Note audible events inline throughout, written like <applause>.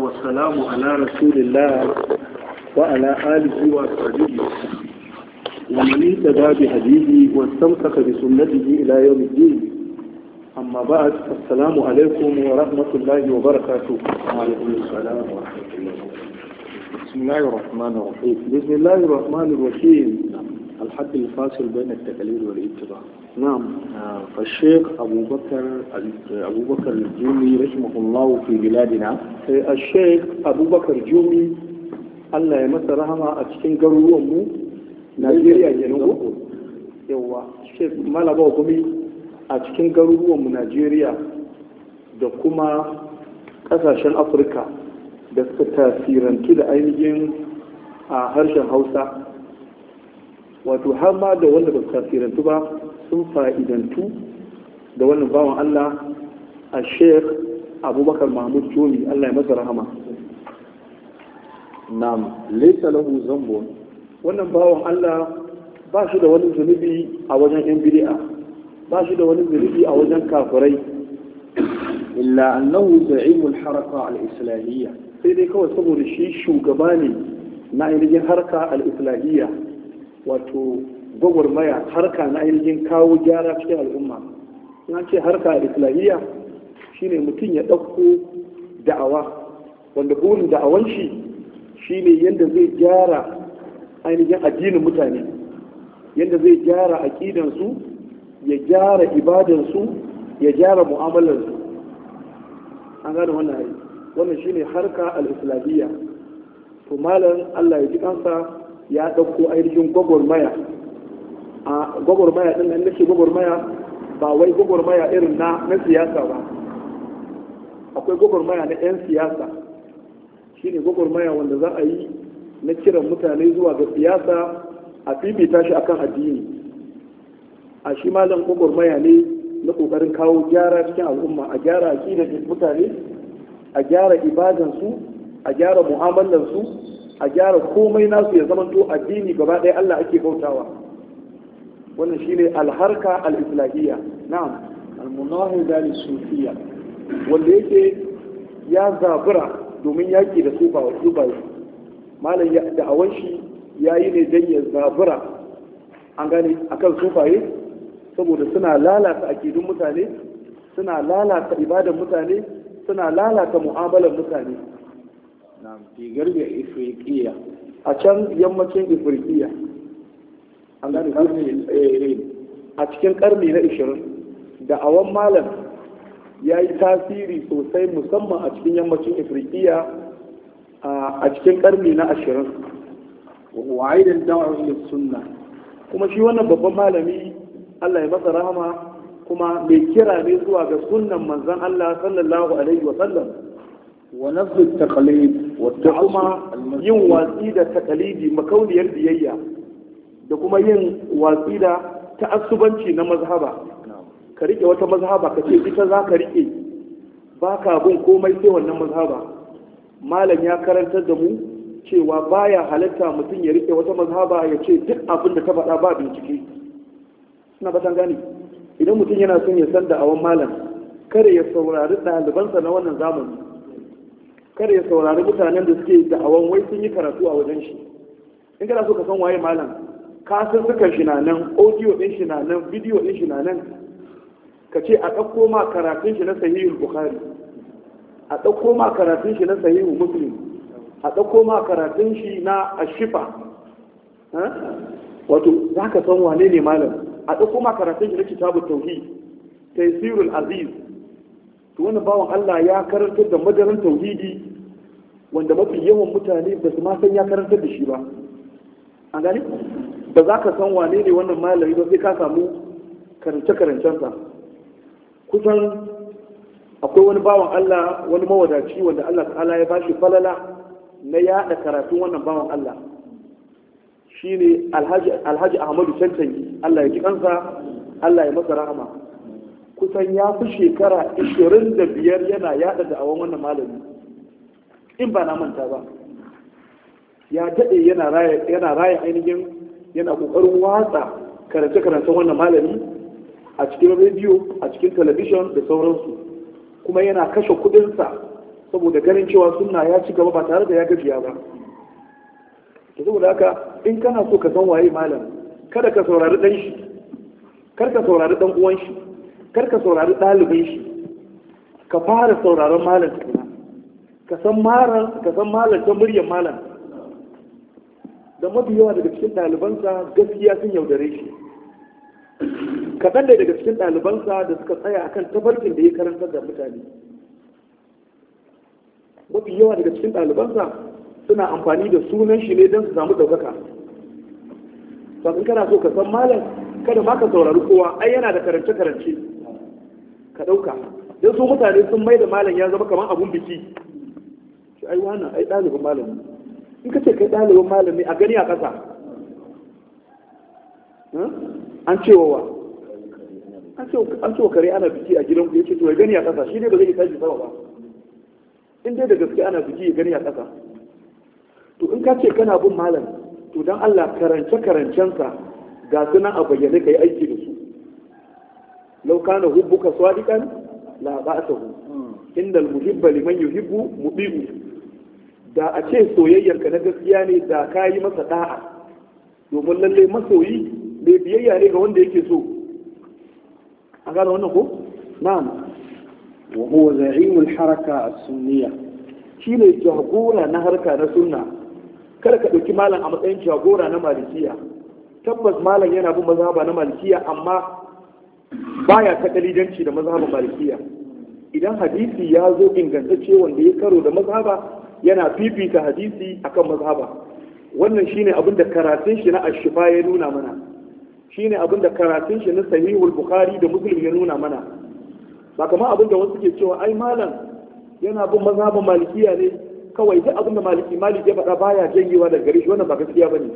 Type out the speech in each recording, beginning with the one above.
والسلام على رسول الله وعلى آله وصحبه ومن اهتدى بهديه واستمسك بسنته إلى يوم الدين أما بعد السلام عليكم ورحمة الله وبركاته وعليكم السلام ورحمة الله بسم الله الرحمن الرحيم بسم الله الرحمن الرحيم الحد الفاصل بين التقليد والاتباع نعم فالشيخ بكر بكر الجومي رحمه الله في بلادنا الشيخ بكر الجومي ya masa rahama a cikin garuruwanmu Najeriya a cikin Najeriya da kuma kasashen Afirka da suka tasirantu da ainihin a harshen Hausa wato har ma da wanda ba su tasirantu ba sun fa'idantu da wannan bawan Allah a sheikh abubakar mahmud jomi Allah ya masa rahama nam laysa lahu zambun wannan bawan Allah ba shi da wani zunubi a wajen yan bid'a ba shi da wani zunubi a wajen kafirai illa annahu za'imul haraka al-islamiyya sai dai kawai saboda shi shugaba ne na ainihin harka al-islamiyya wato gwagwarmaya harka na ainihin kawo gyara cikin al'umma na ce harka islamiyya shine mutum ya ɗauko da'awa wanda burin da'awan shi shine yadda zai gyara ainihin addinin mutane yadda zai gyara aƙidansu ya gyara ibadansu ya gyara mu'amalarsu an gane wannan hari wannan harka al-islamiyya to malam Allah ya ji kansa ya ɗauko ainihin gwagwarmaya a gwagwarmaya ɗin nan nake gwagwarmaya ba wai gwagwarmaya irin na na siyasa ba akwai gwagwarmaya na 'yan siyasa Shi ne gwagwarmaya wanda za a yi na kiran mutane zuwa ga siyasa a fifita shi akan addini a shi malam gwagwarmaya ne na kokarin kawo gyara cikin al'umma a gyara aƙidar mutane a gyara ibadansu a gyara mu'amalarsu a gyara komai nasu ya zama to addini gaba ɗaya Allah ake bautawa wannan shine alharka al-islahiyya na'am al-munahida dali sufiyya wanda yake ya zabura domin yaki da sufa wa sufa malam ya da awan shi yayi ne dan ya zabura an gane akan sufaye saboda suna lalata akidun mutane suna lalata ibadan mutane suna lalata mu'amalar mutane a can yammacin ifriqiya eh, eh. a cikin karni na 20 da awan malam ya yi tasiri sosai musamman a cikin yammacin ifriqiya a cikin karni na 20 wa da'awar sunna kuma shi wannan babban malami Allah ya masa rahama kuma mai kira ne zuwa ga sunan manzan Allah sallallahu alaihi wa wa nafsu yin watsi da taqlidi makauniyar biyayya da kuma yin watsi da ta'assubanci na mazhaba ka rike wata mazhaba ka ce ita za ka rike baka bin komai sai wannan mazhaba malam ya karantar da mu cewa baya halatta mutum ya rike wata mazhaba ya ce duk abin da ta faɗa ba bincike ina gani idan mutum yana son ya san da malam kare ya saurari ɗalibansa na wannan zamani kada ya saurari mutanen da suke awon wai sun yi karatu a wajen shi in kana so ka san waye malam ka san suka shi na nan audio din shi na nan video din shi na nan ka ce a dauko ma karatun shi na sahihul bukhari a dauko ma karatun shi na sahihul muslim a dauko ma karatun shi na ashifa wato za ka san wane ne malam a dauko ma karatun shi na kitabut tauhid taysirul aziz to wannan bawan Allah ya karantar da madarin tauhidi wanda mafi yawan mutane ba su ma san ya karantar da shi ba a gani ba za ka san wane ne wannan malami ba sai ka samu karance-karancensa kusan akwai wani bawan Allah wani mawadaci wanda Allah ta'ala ya bashi falala na yada karatun wannan bawan Allah Shi ne Alhaji Ahmadu cancanyi Allah ya ji kansa Allah ya masa rahama kusan ya fi shekara 25 yana yada awon wannan malami in ba na manta ba ya daɗe yana raya ainihin yana ƙoƙarin watsa karance-karancen wannan malami a cikin rediyo a cikin talabijin da sauransu kuma yana kashe kuɗinsa saboda ganin cewa sunna ya ci gaba ba tare da ya gajiya ba Da saboda haka in kana so ka san waye malam kada ka saurari ɗan shi kar ka saurari ɗan uwan shi kar ka saurari ɗalibin shi ka fara sauraron malam ka san malar ta muryar malam da mafi yawa daga cikin ɗalibansa gaskiya sun yaudare shi kaɗan da daga cikin ɗalibansa da suka tsaya akan tafarkin da ya karantar da mutane mafi yawa daga cikin ɗalibansa suna amfani da sunan shi ne don su samu ɗaukaka sannan kana so ka san malam kada ma ka saurari kowa ai yana da karance-karance ka ɗauka don su mutane sun mai da malam ya zama kamar abun biki ce ai wani ai ɗalibin malami in ka ce kai ɗalibin malami a gani a ƙasa an cewa wa an cewa kare ana biki a gidan ku ya ce to ya gani a ƙasa shi ne ba zai tashi sama ba in dai da gaske ana biki ya gani a ƙasa to in ka ce kana bin malam to don Allah karance karancensa ga sunan a bayyane ka yi aiki da su lau kana hubbuka swadiqan la ba'sahu hmm. inda muhibba liman yuhibbu mubi'u da a ce soyayyarka na gaskiya ne da ka yi masa da'a domin lallai masoyi mai biyayya ne ga wanda yake so an gane wannan ko na'am wa huwa za'imul haraka as Shi ne jagora na harka na sunna kada ka dauki malam a matsayin jagora na malikiya tabbas malam yana bin mazhaba na malikiya amma baya ta kalidanci da mazhaban malikiya idan hadisi ya zo ingantacce wanda ya karo da mazhaba yana fifita hadisi akan mazhaba wannan shine abin da karatun shi na ashifa ya nuna mana shine abin da karatun shi na sahihul bukhari da muslim ya nuna mana ba kamar abin da wasu ke cewa ai malam yana bin mazhaban malikiya ne kawai duk abin da maliki maliki ya faɗa baya janyewa daga gare shi wannan ba gaskiya bane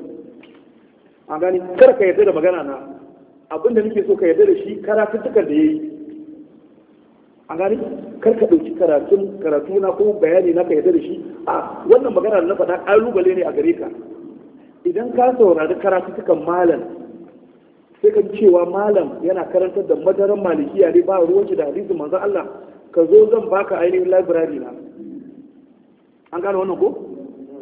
an gani kar ka yarda da magana na abin da nake so ka yarda da shi karatuttukan da yayi an gani kar ka ɗauki karatun karatu na ko bayani na ka yarda da shi a wannan magana da na faɗa ƙalubale ne a gare ka idan ka saurari karatutukan malam sai ka cewa malam yana karantar da madaran malikiya ne ba ruwan shi da hadisin manzon Allah ka zo zan baka ainihin library na an gane wannan ko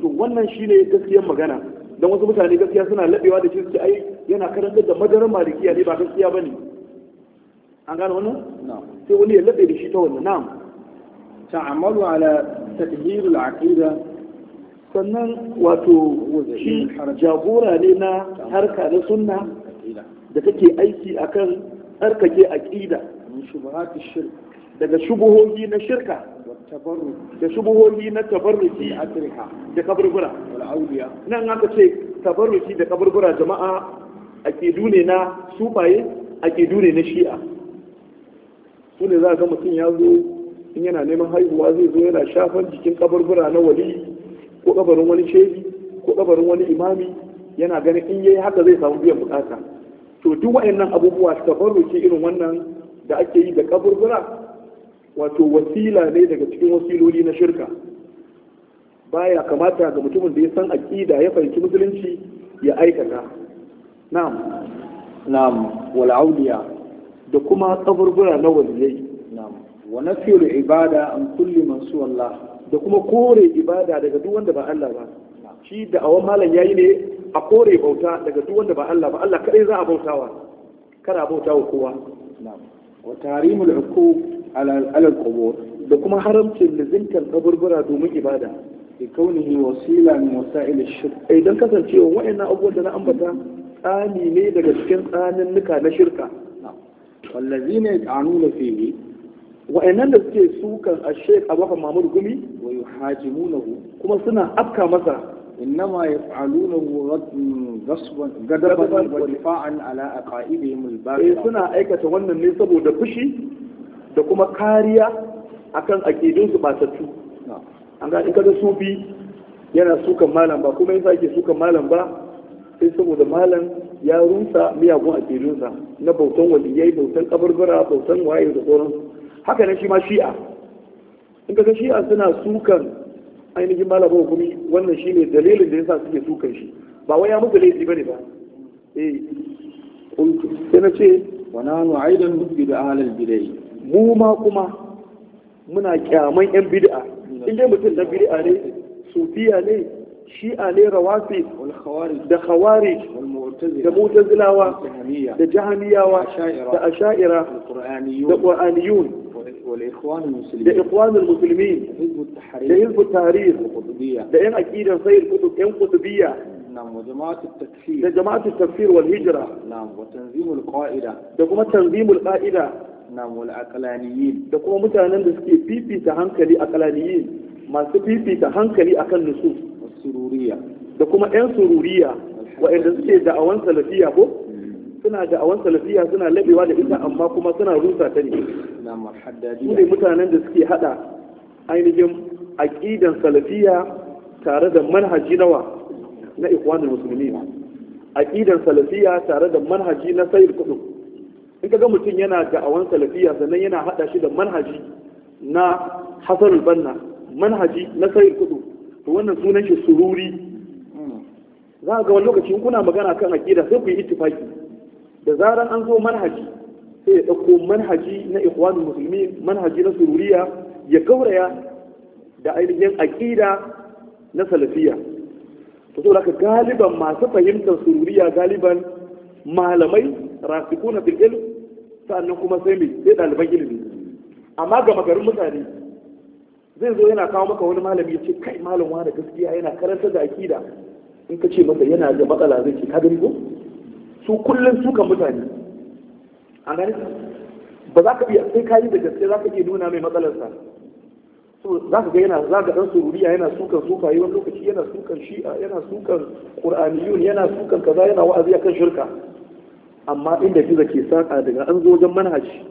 to wannan shine gaskiyar magana dan wasu mutane gaskiya suna labewa da shi suke ai yana karantar da madaran malikiya ne ba gaskiya bane an gane wannan sai wani ya lade da shi ta wannan na'am ta'amalu ala tadhhirul aqida sannan wato shi jagora ne na harka da sunna da kake aiki akan tsarkake aqida min shubuhati shirk daga shubuhohi na shirka da shubuhohi na tabarruki da kaburbura nan aka ce tabarruki da kaburbura jama'a aqidu ne na sufaye aqidu ne na shi'a su ne za ga mutum ya zo in yana neman haihuwa zai zo yana shafan jikin kaburbura na wali ko kabarin wani shehi ko kabarin wani imami yana ganin in yi haka zai samu biyan bukata to duk waɗannan abubuwa tabarruki irin wannan da ake yi da kaburbura wato wasila ne daga cikin wasiloli na shirka baya kamata ga mutumin da ya san aqida ya fahimci musulunci ya aikata na'am na'am wal da kuma kaburbura na waliyai wa nafiyul ibada an kulli man Allah da kuma kore ibada daga duk wanda ba Allah ba shi da awa malam yayi ne a kore bauta daga duk wanda ba Allah ba Allah kadai za a bautawa kada bautawa kowa wa tarimul uqub ala al qubur da kuma haramcin lizintar kaburbura domin ibada bi kaunihi wasila min wasa'il ash-shirk idan kasancewa wa'annan abubuwan da na ambata tsani ne daga cikin tsanin nuka na shirka wallazi ne a kanuna fihi wa'annan da suke sukan ashek abubakar mamur gumi wa yuhajimunahu kuma suna afka masa innama yaf'alunahu ghasban gadaban wa difa'an ala aqaidihim al-batil suna aikata wannan ne saboda fushi da kuma kariya akan aqidun su batattu an ga in kaga sufi yana sukan malam ba kuma yasa yake sukan malam ba sai saboda malam ya rusa miyagun akidunsa na bautan waliyai bautan ƙabarbara, bautan waye da tsoron, haka na shi ma shi'a in ka shi'a suna sukan ainihin malamin hukumi wannan shi ne dalilin da yasa suke sukan shi ba wai ya musu laifi ne ba eh kuntu sai na ce wa nanu aidan musbidu ahlal bidai mu ma kuma muna kyaman yan bid'a in dai mutum na bid'a ne sufiya ne shi'a ne rawafi da khawari والمعتزله mutazilawa da jahamiyawa da asha'ira da qur'aniyun والإخوان المسلمين ده إخوان المسلمين حزب التحرير ده حزب التحرير القطبية ده إن إيه أكيد سيد قطب إن إيه قطبية نعم وجماعة التكفير ده جماعة التكفير والهجرة نعم وتنظيم القائدة ده كما تنظيم القائدة نعم والعقلانيين ده كما متعنى ده سكي بيبي تهنكلي عقلانيين ما سبيبي بيبي تهنكلي أكل نصوص sururiya da kuma yan sururiya waɗanda suke da'awan salafiya ko suna da'awan salafiya suna labewa da ita amma kuma suna rusa ta ne su ne mutanen da suke hada ainihin aƙidan salafiya tare da manhaji nawa na ikwanin musulmi aƙidan salafiya tare da manhaji na sayar kudu in ka ga mutum yana da'awan salafiya sannan yana hada shi da manhaji na hasarul banna manhaji na sayar kudu to wannan sunan shi sururi za ga wani lokaci kuna magana kan aqida sai ku yi ittifaki da zaran an zo manhaji sai ya dauko manhaji na ikhwanul muslimi manhaji na sururiya ya gauraya da ainihin aqida na salafiya. to saboda haka galiban masu fahimtar sururiya galiban malamai rasikuna na ilm sannan kuma sai mai sai ɗaliban ilimi amma ga magarin mutane zai zo yana kawo maka wani malami ya ce kai malam da gaskiya yana karanta da akida in ka ce masa yana da matsala zai ce ka gani ko su kullum sukan mutane an gani ba za ka iya sai kayi da gaske za ka iya nuna mai matsalarsa za ka ga yana za ka dan sururiya yana sukan yi wani lokaci yana sukan shi'a yana sukan qur'aniyun yana sukan kaza yana wa'azi akan shirka amma inda kiza ke saka daga an zo wajen manhaji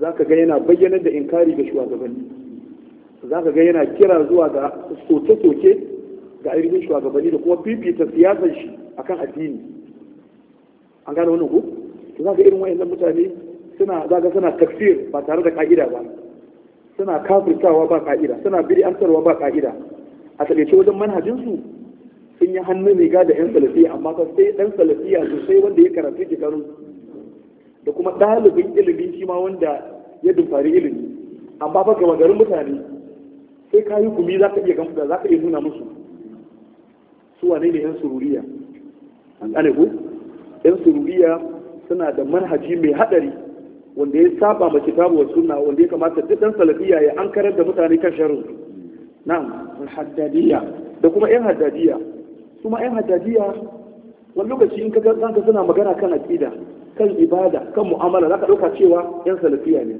za ka ga yana bayyana da inkari ga shugabanni za ka ga yana kira zuwa ga soke-soke ga ainihin shugabanni da kuma fifita siyasar shi akan addini an gane wannan ku to za ka irin wayannan mutane suna za ka suna tafsir ba tare da ka'ida ba suna kafirtawa ba ka'ida suna ansarwa ba ka'ida a taƙaice wajen manhajinsu sun yi hannu riga da 'yan salafiya amma fa sai ɗan salafiya sosai wanda ya karatu karu da kuma ɗalibin ilimi shi ma wanda ya dumfari ilimi amma fa gama garin mutane sai ka yi gumi za ka iya gamsa za ka iya nuna musu su wane ne yan sururiya an gane yan sururiya suna da manhaji mai hadari wanda ya saba ma kitabu wa sunna wanda ya kamata duk dan salafiya ya karar da mutane kan sharrin na'am haddadiya da kuma yan haddadiya su ma yan haddadiya wani lokaci in ka ga suna magana kan aqida kan ibada kan mu'amala zaka ɗauka cewa yan salafiya ne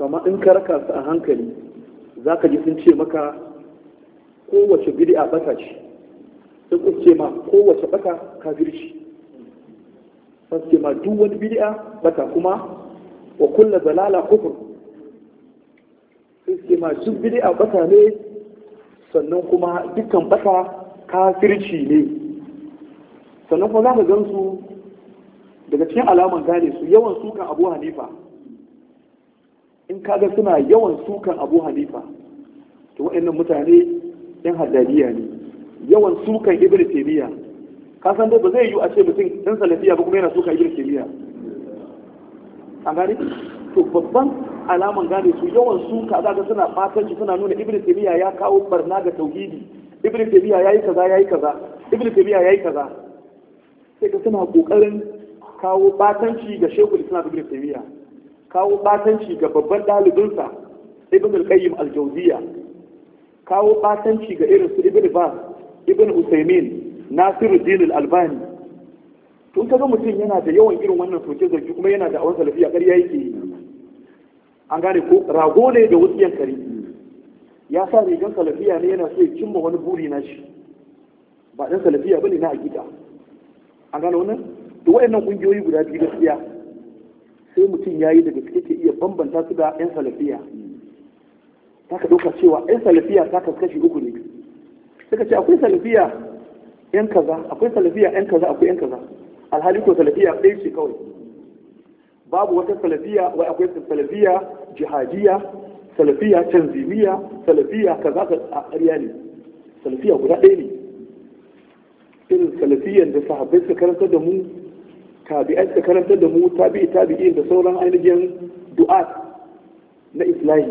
kama in ka raka su a hankali za ka ji sun ce maka kowace bid'a bata ce sai ku ce ma kowace bata kafirci sai ce ma duk wani bid'a bata kuma wa kulla dalala kufur sai ce ma duk bid'a bata ne sannan kuma dukkan bata kafirci ne sannan kuma za ka gan su daga cikin alaman gane su yawan sukan abu hanifa in kaga suna yawan sukan abu hanifa to wa'annan mutane yan haddadiya ne yawan sukan ibn taymiya ka san dai ba zai yiwu a ce mutum dan salafiya ba kuma yana sukan ibn taymiya an gane to babban alaman gane su yawan suka za ga suna fatanci suna nuna ibn taymiya ya kawo barna ga tauhidi ibn taymiya yayi kaza yayi kaza ibn taymiya yayi kaza sai ka suna kokarin kawo batanci ga shekul islam ibn taymiya kawo batanci ga babban dalibinsa ibn al-qayyim al-jawziya kawo batanci ga irin su ibn ba ibn usaymin nasiruddin al-albani tun kaga mutum yana da yawan irin wannan soke zargi kuma yana da awon salafiya ƙarya yake yi an gane ko rago ne da wutsiyan kare ya sa rigan salafiya ne yana so ya cimma wani buri na shi ba dan salafiya bane na akida an gane wannan to wayannan kungiyoyi guda biyu gaskiya sai mutum ya yi daga suke iya bambanta su da 'yan salafiya ta ka ɗauka cewa 'yan salafiya ta kashi uku ne suka ce akwai salafiya 'yan kaza akwai salafiya 'yan kaza akwai 'yan kaza alhali ko salafiya ɗaya ce kawai babu wata salafiya wai akwai salafiya jihadiya salafiya tanzimiya salafiya kaza a ƙarya ne salafiya guda ɗaya ne irin salafiyan da sahabbai suka karanta da mu tabi'ai da karantar da mu tabi'i tabi'i da sauran ainihin du'a na islahi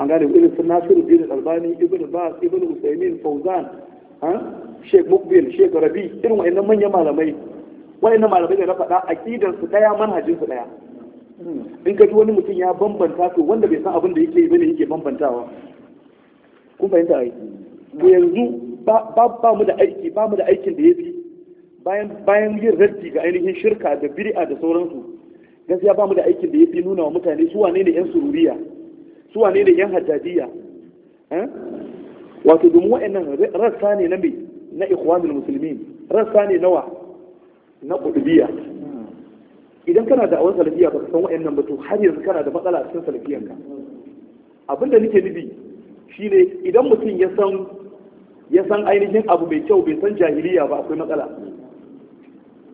an gane irin su nasiru irin albani ibn bas ibn usaimin fauzan sheikh mukbil sheikh rabi irin wa'annan manyan malamai wa'annan malamai da na faɗa aqidan su daya manhajin su daya in ka ji wani mutum ya bambanta to wanda bai san abin da yake bane yake bambantawa kun fahimta ai to yanzu ba mu da aiki ba mu da aikin da yafi bayan yin raddi ga ainihin shirka da biri'a, da sauransu gaskiya ba mu da aikin da ya fi nuna wa mutane su wane ne yan sururiya su wane ne yan hajjajiya eh? wato domin wa'annan rassa ne na mai na ikhwanul musulmi rassa ne nawa na kudubiya idan kana da awon salafiya ba san wa'annan ba to har yanzu kana da matsala a cikin salafiyan ka abin da nake nufi shine idan mutum ya san ya san ainihin abu mai kyau bai san jahiliya ba akwai matsala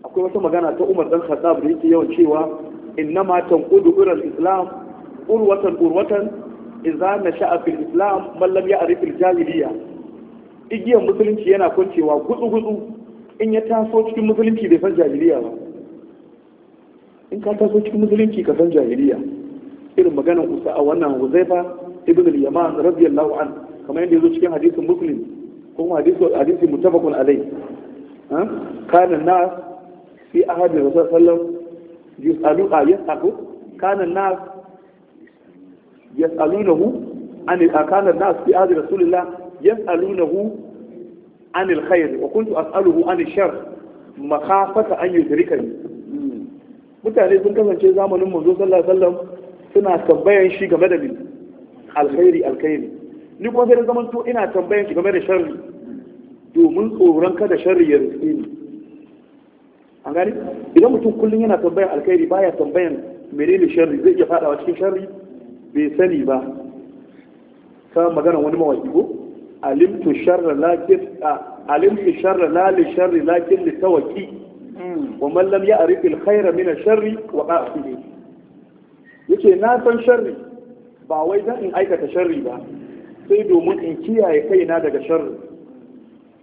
akwai wata magana ta Umar dan Khattab da yake yawan cewa innama tanqudu ilal islam urwatan urwatan idza nasha'a fil islam man lam ya'rif al jahiliya igiyar musulunci yana kwancewa gudu gudu in ya taso cikin musulunci bai san jahiliya ba in ka taso cikin musulunci ka san jahiliya irin maganar usa a wannan huzaifa ibn al-yaman radiyallahu an kamar yadda yazo cikin hadisin muslim ko hadisi hadisin muttafaqun alai kana nas fi ahadi rasul sallam yusalu a yasaku kana nas mutane sun kasance zamanin manzo sallallahu alaihi wasallam suna tambayan shi game da alkhairi alkhairi ni kuma sai zaman to ina tambayan shi game da sharri domin tsoron kada sharri ya riske ni idan mutum kullum yana tambayan alkhairi baya tambayan menene sharri zai iya fadawa cikin shari? bai sani ba ta magana wani mawaki ko alimtu sharra lakin alimtu sharra la li sharri lakin li tawaki wa man lam ya'rif al khayra min al sharri wa qafihi yace na san sharri ba wai dan in aikata sharri ba sai domin in kiyaye kaina daga sharri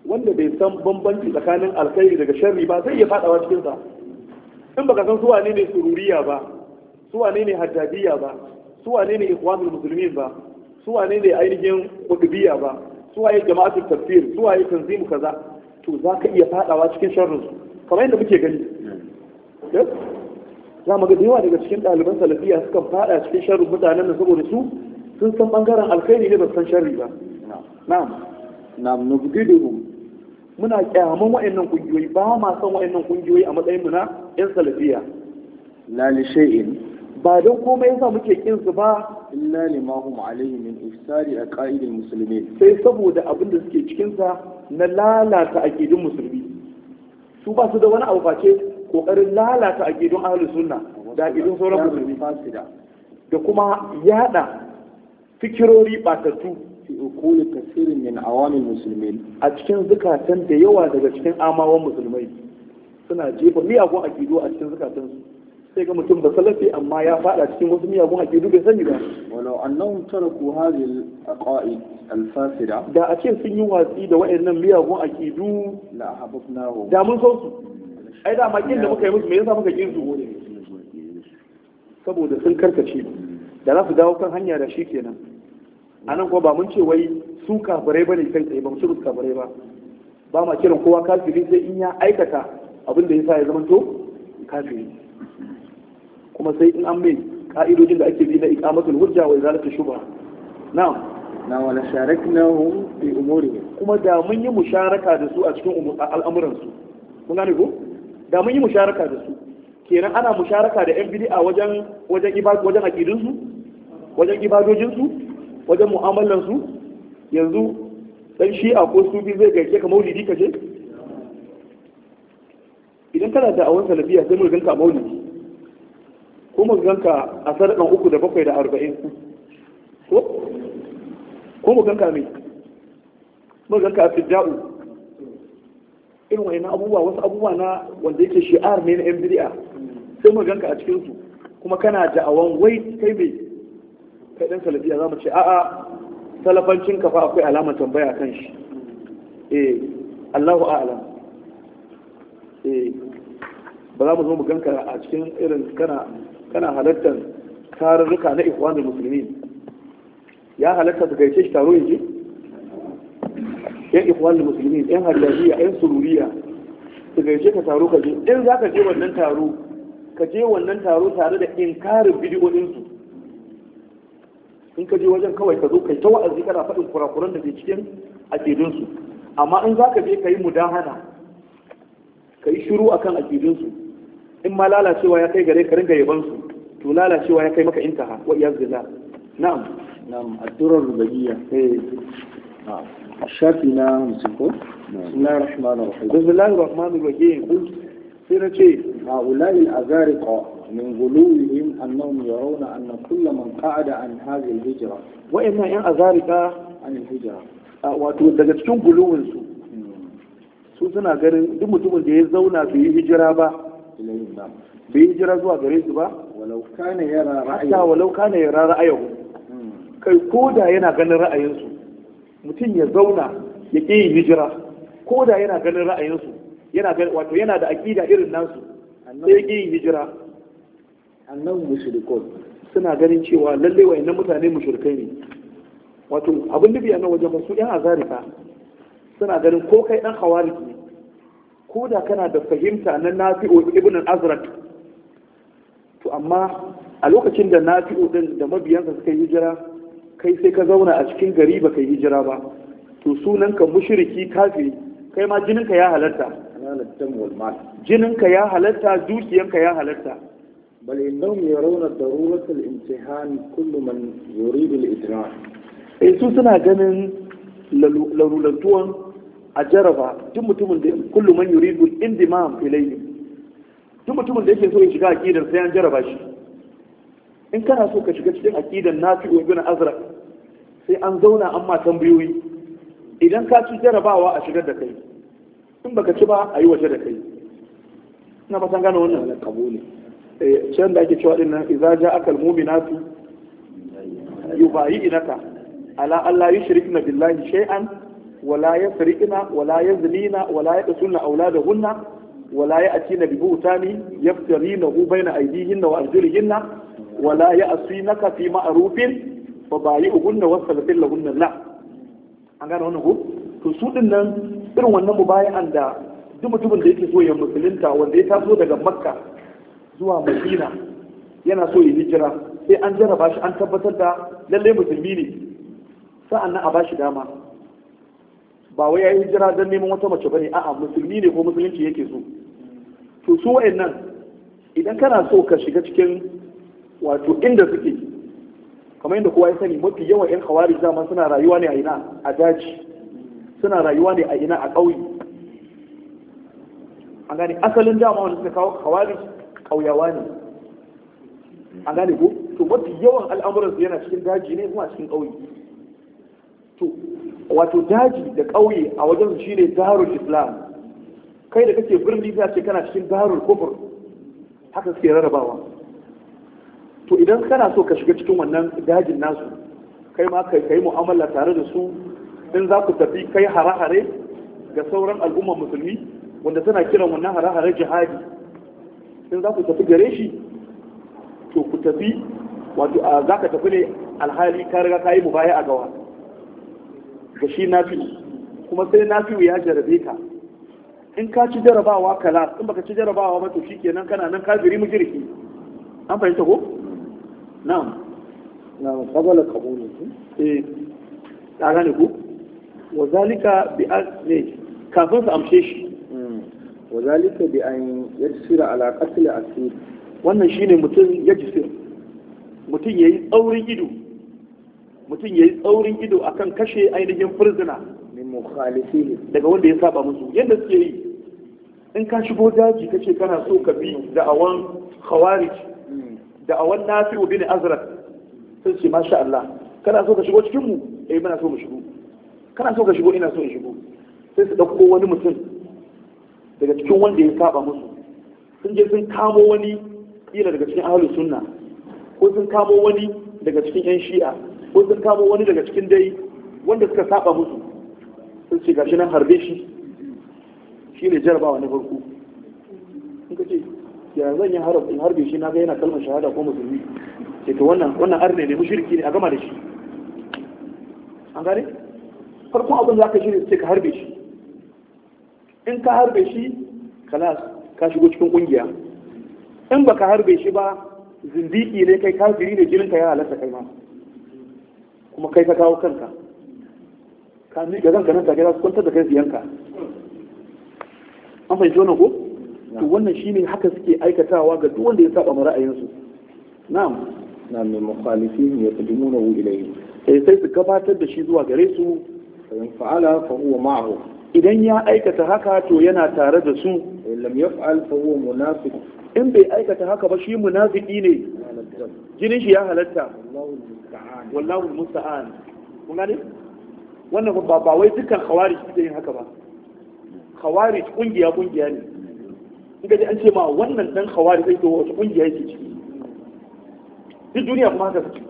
wanda bai san bambanci tsakanin alkhairi daga sharri ba zai iya fadawa cikin sa in baka san suwa ne ne sururiya ba suwa ne ne hajjabiya ba suwa ne ne ikhwanul muslimin ba suwa ne ne ainihin qutubiyya ba suwa ne jama'atul tafsir suwa ne tanzimu kaza to zaka iya fadawa cikin sharri kamar yadda muke gani za mu ga da yawa daga cikin ɗaliban salafiya suka fada cikin sharri mutanen da saboda su sun san bangaren alkhairi ne ba san sharri ba na'am na'am nubgiduhum muna kyaman wa'annan kungiyoyi ba ma san wa'annan kungiyoyi a matsayin mu na yan salafiya la li ba don komai yasa muke kin su ba illa ma hum alayhi min ifsari aqaidil muslimin sai saboda abin da suke cikin sa na lalata aqidun musulmi su ba su da wani abu face kokarin lalata aqidun ahlus sunna da aqidun sauran musulmi da kuma yada fikirori batattu fi ukuli kasirin min awamin musulmi a cikin zukatan da yawa daga cikin amawan musulmai suna jefa miyagun akidu a cikin zukatan su sai ga mutum ba salafi amma ya fada cikin wasu miyagun akidu bai sani ba walau annahum taraku hadhihi alqa'id alfasida da a ce sun yi watsi da nan miyagun akidu la hababnahu da mun san su ai da makin da muka yi musu me yasa muka kin su saboda sun karkace da za su dawo kan hanya da shi kenan a nan kuma ba mun ce wai su kafirai ba ne kai tsaye ba mu ci su kafirai ba ba ma kiran kowa kafiri sai in ya aikata abin da ya sa ya zama to kafiri kuma sai in an mai ka'idojin da ake bi na iqamatul hujja wa izalatu shubha na'am na wala sharaknahum fi umurihim kuma da mun yi musharaka da su a cikin al'amuran su kun gane ko da mun yi musharaka da su kenan ana musharaka da yan bid'a wajen wajen ibad wajen aqidun su wajen ibadojin su wajen mu'amalansu, yanzu dan shi'a ko bi zai gaje ka maulidi ka je idan kana da awon salafiya sai mu ganka maulidi ko mu ganka a sadakan uku da bakwai da arba'in ko ko mu ganka mai mu ganka a fidda'u irin wani abubuwa wasu abubuwa na wanda yake shi'ar ne na yan bid'a sai mu ganka a cikin su kuma kana da awon wai kai mai kaɗin dan salafiya za mu ce a'a salafancin ka fa akwai alamar tambaya kan shi eh Allahu a'lam eh ba za mu zo mu ganka a cikin irin kana kana halartar tarurruka na ikhwanul muslimin ya halarta su yace shi taro yaje yan ikhwanul muslimin yan hajjiyya yan sururiya su yace ka taro ka je in za ka je wannan taro ka je wannan taro tare da inkarin bidiyoyin su in ka je wajen kawai ka zo kai ta wa'azi kana faɗin kurakuran da ke cikin aƙidunsu amma in za ka je ka yi mudahana ka yi shiru a kan aƙidunsu in ma lalacewa ya kai gare ka ringa yabansu to lalacewa ya kai maka intaha wa iyaz zina. na'am na'am addurar rubabiyya eh shafi na musiko bismillahir rahmanir rahim bismillahir rahmanir rahim sai na ce ha'ula'il azariqa min guluwihim annahum yarawna anna kulla man qa'ada an hadhihi al-hijra wa inna yan azarika an al-hijra wato daga cikin guluwin su su suna ganin duk mutumin da ya zauna bai yi hijira ba bai hijira zuwa gare su ba walau kana yara ra'ayahu walau kana yara ra'ayahu kai ko da yana ganin ra'ayinsu mutum ya zauna ya ƙi yin hijira Ko da yana ganin ra'ayinsu yana wato yana da aƙida irin nasu sai ya ƙi yin hijira annahu mushrikun suna ganin cewa lalle wayannan mutane mushrikai ne wato abin nufi a wajen masu yan azarika suna ganin ko kai dan hawari ne ko da kana da fahimta na nafi'o ibn azrak to amma a lokacin da nafi'o din da mabiyansa suka yi jira, kai sai ka zauna a cikin gari ba kai hijira ba to sunan ka mushriki kafi kai ma jininka ya halatta jininka ya halatta dukiyanka ya halatta بل إنهم يرون ضرورة الامتحان كل من يريد الإدراك su suna ganin lalulantuwan a jaraba duk mutumin da kullum man yuridu indimam ilayhi duk mutumin da yake so ya shiga aqidar sai an jaraba shi in kana so ka shiga cikin aqidar nafi'u ibn azraq sai an zauna an ma tambayoyi idan ka ci jarabawa a shigar da kai in baka ci ba a yi waje da kai ina ba san gane wannan kabuli can eh, da ake cewa din nan idza akal mu'minatu yubayyinaka ala alla yushrikna billahi shay'an wala yasrikna wala yazlina wala yaqtulna auladahunna wala ya'tina bi buhtani hu bayna aydihinna wa arjulihinna wala ya'sinaka fi ma'rufin fa bayyuhunna wasalbil lahunna la an gane wannan ko to su din nan irin wannan mubayi'an da duk mutumin da yake so ya musulunta wanda ya taso daga makka zuwa madina yana so ya hijira sai an jarraba shi an tabbatar da lallai musulmi ne sa'annan a ba shi dama ba wai yayi hijira don neman wata mace bane a'a musulmi ne ko musulunci yake so to su wa'annan idan kana so ka shiga cikin wato inda suke kamar yadda kowa ya sani mafi yawan yan hawari zama suna rayuwa ne a ina a daji suna rayuwa ne a ina a ƙauye an gane asalin dama wanda suka kawo hawari ƙauyawa ne a gane to mafi yawan al'amuransu yana cikin daji ne kuma cikin ƙauye to wato daji da ƙauye a wajen su shine darul islam kai da kake birni za ce kana cikin darul kufur haka suke rarrabawa to idan kana so ka shiga cikin wannan dajin nasu kai ma kai kai mu'amala tare da su in za ku tafi kai hare-hare ga sauran al'ummar musulmi wanda tana kiran wannan hare-hare jihadi in za ku tafi gare shi to ku tafi wato za ka tafi ne alhali ka riga ka yi mubaya a gawa ga shi nafi'u kuma sai nafi'u ya jarabe ka in ka ci jarabawa kala in baka ci jarabawa ba to shikenan kana nan kafiri mujriki an fahimta ko na'am na'am qabala qabulu eh ta gane ku wa zalika bi ne kafin su amshe shi wa zalika bi an yajsira ala qatl asir wannan shine mutum ya jisir mutum yayi tsaurin ido mutum yayi tsaurin ido akan kashe ainihin furzuna min mukhalifin daga wanda ya saba musu yadda suke yi in ka shigo daji kace kana so ka bi da'awan khawarij hmm. da'awan nafi'u bin azrak sai ce masha Allah kana so ka shigo cikin mu eh muna so mu shigo kana so ka shigo ina so in shigo sai su dauko wani mutum daga cikin wanda ya saba musu sun je sun kamo wani kila daga cikin ahlus sunna ko sun kamo wani daga cikin yan shi'a ko sun kamo wani daga cikin dai wanda suka saba musu sun ce gashi nan harbe shi shi ne jarabawa na farko sun ka ce ya zan yi harbe shi na ga yana kalmar shahada ko musulmi ce to wannan wannan arne ne mushriki ne a gama da shi an gane farkon abin da aka shirya sai ka harbe shi in ka harbe shi kalas ka shigo cikin kungiya in baka harbe shi ba zindiki ne kai kafiri ne jinin ka ya halatta kai ma kuma kai ka kawo kanka ka miƙa kanka nan take za su kwantar da kai ziyanka an fahimci wannan ko to wannan shine haka suke aikatawa ga duk wanda ya saba ma ra'ayinsu na'am na'am min mukhalifin yaqdimunahu ilayhi sai eh, sai su gabatar da shi zuwa gare su fa'ala fa huwa ma'ahu idan ya aikata haka to yana tare da su lam yaf'al fa huwa munafiq in bai aikata haka ba shi munafiki ne jinin shi ya halatta wallahu musta'an kun gane wannan ba ba wai dukkan khawarij suke yin haka ba khawarij kungiya kungiya ne in ka an ce ma wannan dan khawarij sai to wata kungiya yake ciki duk duniya kuma haka suke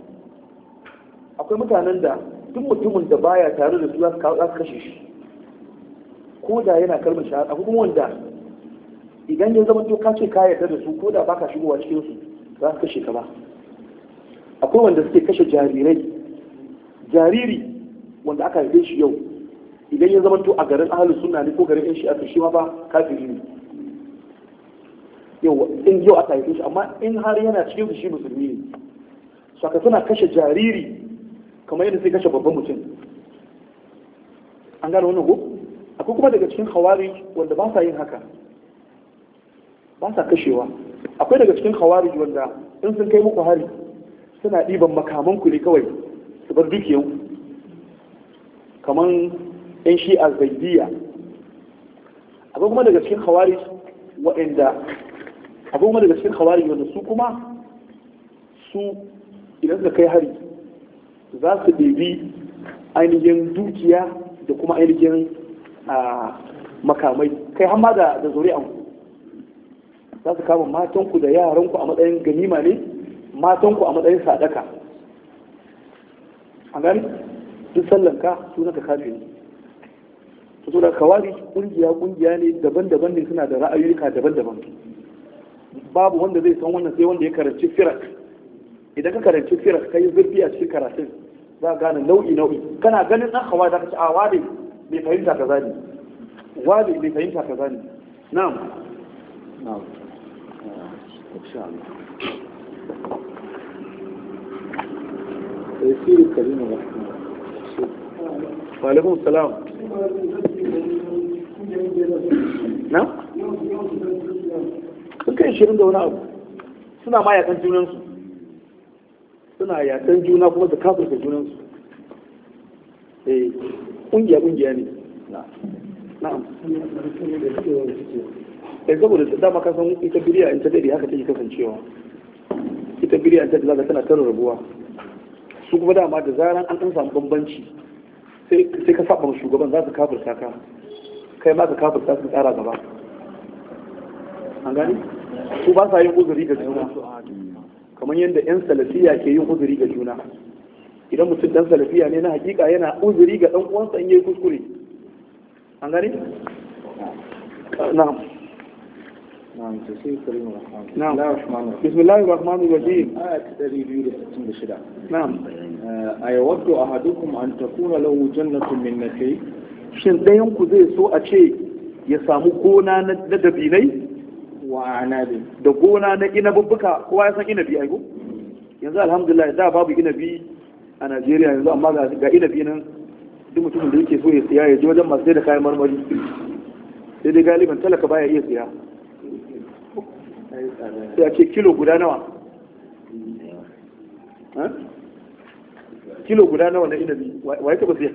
akwai mutanen da duk mutumin da baya tare da su za su kashe shi ko da yana kalmar shahada ko kuma wanda idan ya zama to ka ce ka yarda da su ko da baka shigowa cikin su za su kashe ka ba akwai wanda suke kashe jarirai jariri wanda aka haife shi yau idan ya zama to a garin ahalus sunna ne ko garin shi a kashe shi ma ba kafiri ne yau in yau aka haife shi amma in har yana cikin shi musulmi ne saka suna kashe jariri kamar yadda sai kashe babban mutum an gane wannan ko ko kuma daga cikin khawari wanda ba sa yin haka ba sa kashewa akwai daga cikin khawari wanda in sun kai muku hari suna ɗiban makaman ku ne kawai su bar dukiyan kamar yan shi a zaidiya akwai kuma daga cikin khawari waɗanda akwai kuma daga cikin khawari wanda su kuma su idan suka kai hari za su ɗebi ainihin dukiya da kuma ainihin makamai kai hamma da da zuri'anku za su kama matanku da yaranku a matsayin ganima ne matanku a matsayin sadaka a gani duk sallanka sunan ka su to da kawari kungiya kungiya ne daban-daban ne suna da ra'ayoyika daban-daban babu wanda zai san wannan sai wanda ya karanci firak idan ka karanci firak kai zurfi a cikin karatun za a gane nau'i nau'i kana ganin dan hawa da ka ci awa ne mai fahimta kaza ne wani mai fahimta ne na'am na'am تيسير الكلمة وعليكم السلام نعم shirin da wani abu suna ma yakan junansu suna yakan juna kuma da junansu eh. kungiya kungiya ne na'am eh saboda dama ka san ita biriya in ta dade haka take kasancewa ita biriya ta zaka tana tara rabuwa su kuma dama da zaran an dan samu bambanci sai ka saba shugaban za su kafirta ka kai ma ka kafirta su tsara gaba an gani su ba sa yin uzuri ga juna kamar yadda 'yan salafiya ke yin uzuri ga juna idan mutum dan salafiya ne na hakika yana uzuri ga dan uwansa in yayi kuskure an gani? na'am Na'am. تسير كريم eh, da gona na inabubbuka kowa ya san inabi yanzu alhamdulillah da babu inabi a najeriya yanzu amma ga ina nan duk mutumin da yake so ya siya ya je wajen masu sai da kayan marmari sai dai galiban talaka baya iya siya sai a ce kilo guda nawa kilo guda nawa na inabi wa ya taba siya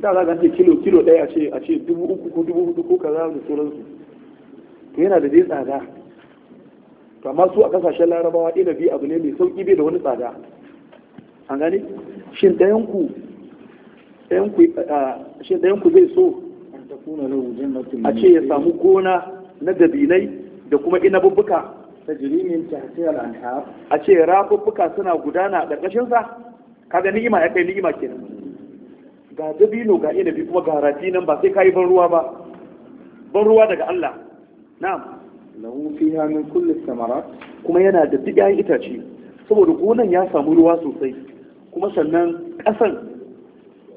da za ka ce kilo kilo ɗaya a ce dubu uku ko dubu hudu ko kaza da sauransu to yana da dai tsada amma su a kasashen larabawa inabi abu ne mai sauki bai da wani tsada an gani shin ɗayan shin zai so a ce ya samu gona na dabinai da kuma inabubbuka a ce rafuffuka suna gudana a ƙarƙashinsa kaga ni'ima ya kai ni'ima kenan ga dabino ga inabi kuma ga rafi nan ba sai ka yi ban ruwa ba ban ruwa daga Allah na'am lahu fiha min kulli samarat kuma yana da duk ƴaƴan itace saboda gonan ya samu ruwa sosai kuma sannan ƙasan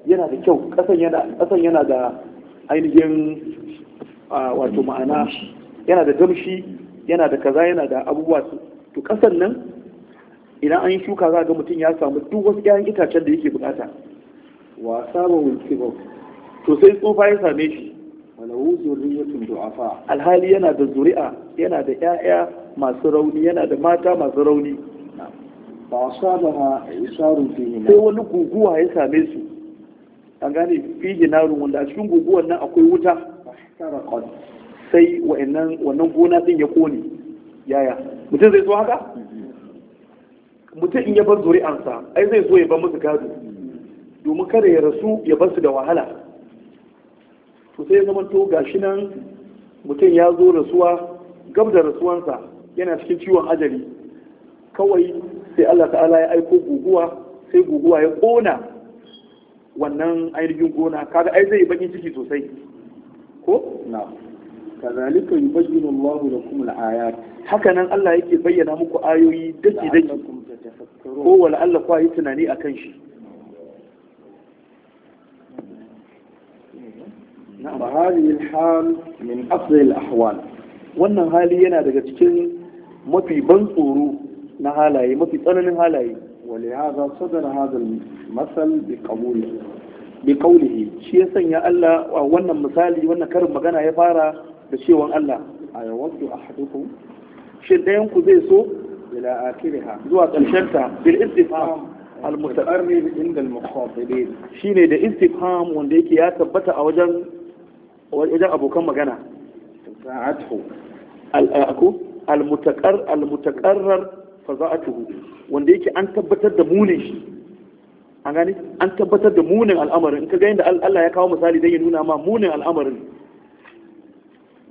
yana da kyau ƙasan yana ƙasan yana da ainihin wato ma'ana yana da damshi yana da kaza yana da abubuwa to ƙasan nan idan an yi shuka za ga mutum ya samu duk wasu ƴaƴan itacen da yake bukata wa saba wulkibar to sai tsofa ya same shi du'afa alhali yana da zuri'a yana da 'ya'ya masu rauni yana da mata masu rauni ba asabaha isarun fihi sai wani guguwa ya same su an gane fihi narun wanda a cikin guguwan nan akwai wuta sai wa'annan wannan gona din ya kone yaya mutum zai so haka mutum in ya bar zuri'ansa ai zai so ya bar musu gado domin kada ya rasu ya bar su da wahala to sai zama to gashi nan mutum ya zo rasuwa gab da rasuwansa yana cikin ciwon ajali kawai sai Allah ta'ala ya aiko guguwa sai guguwa ya kona wannan ainihin gona kaga ai zai baki ciki sosai ko na kazalika yubayyinu Allah lakum al haka nan Allah yake bayyana muku ayoyi daki daki ko wala Allah kwa yi tunani akan shi ba الحال من أفضل الأحوال وأن wannan hali yana daga مطي mafi ban مطي na halaye ولهذا صدر هذا المثل بقوله بقوله شيء سنيا الله وأن المثالي وأن كرم مغانا يفارا بشيء وان الله ايود أحدكم شيء دينكو زي سو الى اخرها زوا قلشنتا بالاستفهام المتقرب عند المخاطبين شيء ده استفهام وان ده يا تبتا اوجن wajen abokan magana sa'atuhu al-aku al-mutaqar al-mutaqarrar faza'atuhu wanda yake an tabbatar da munin shi an gani an tabbatar da munin al'amarin in ka ga yadda Allah ya kawo misali dan ya nuna ma munin al'amarin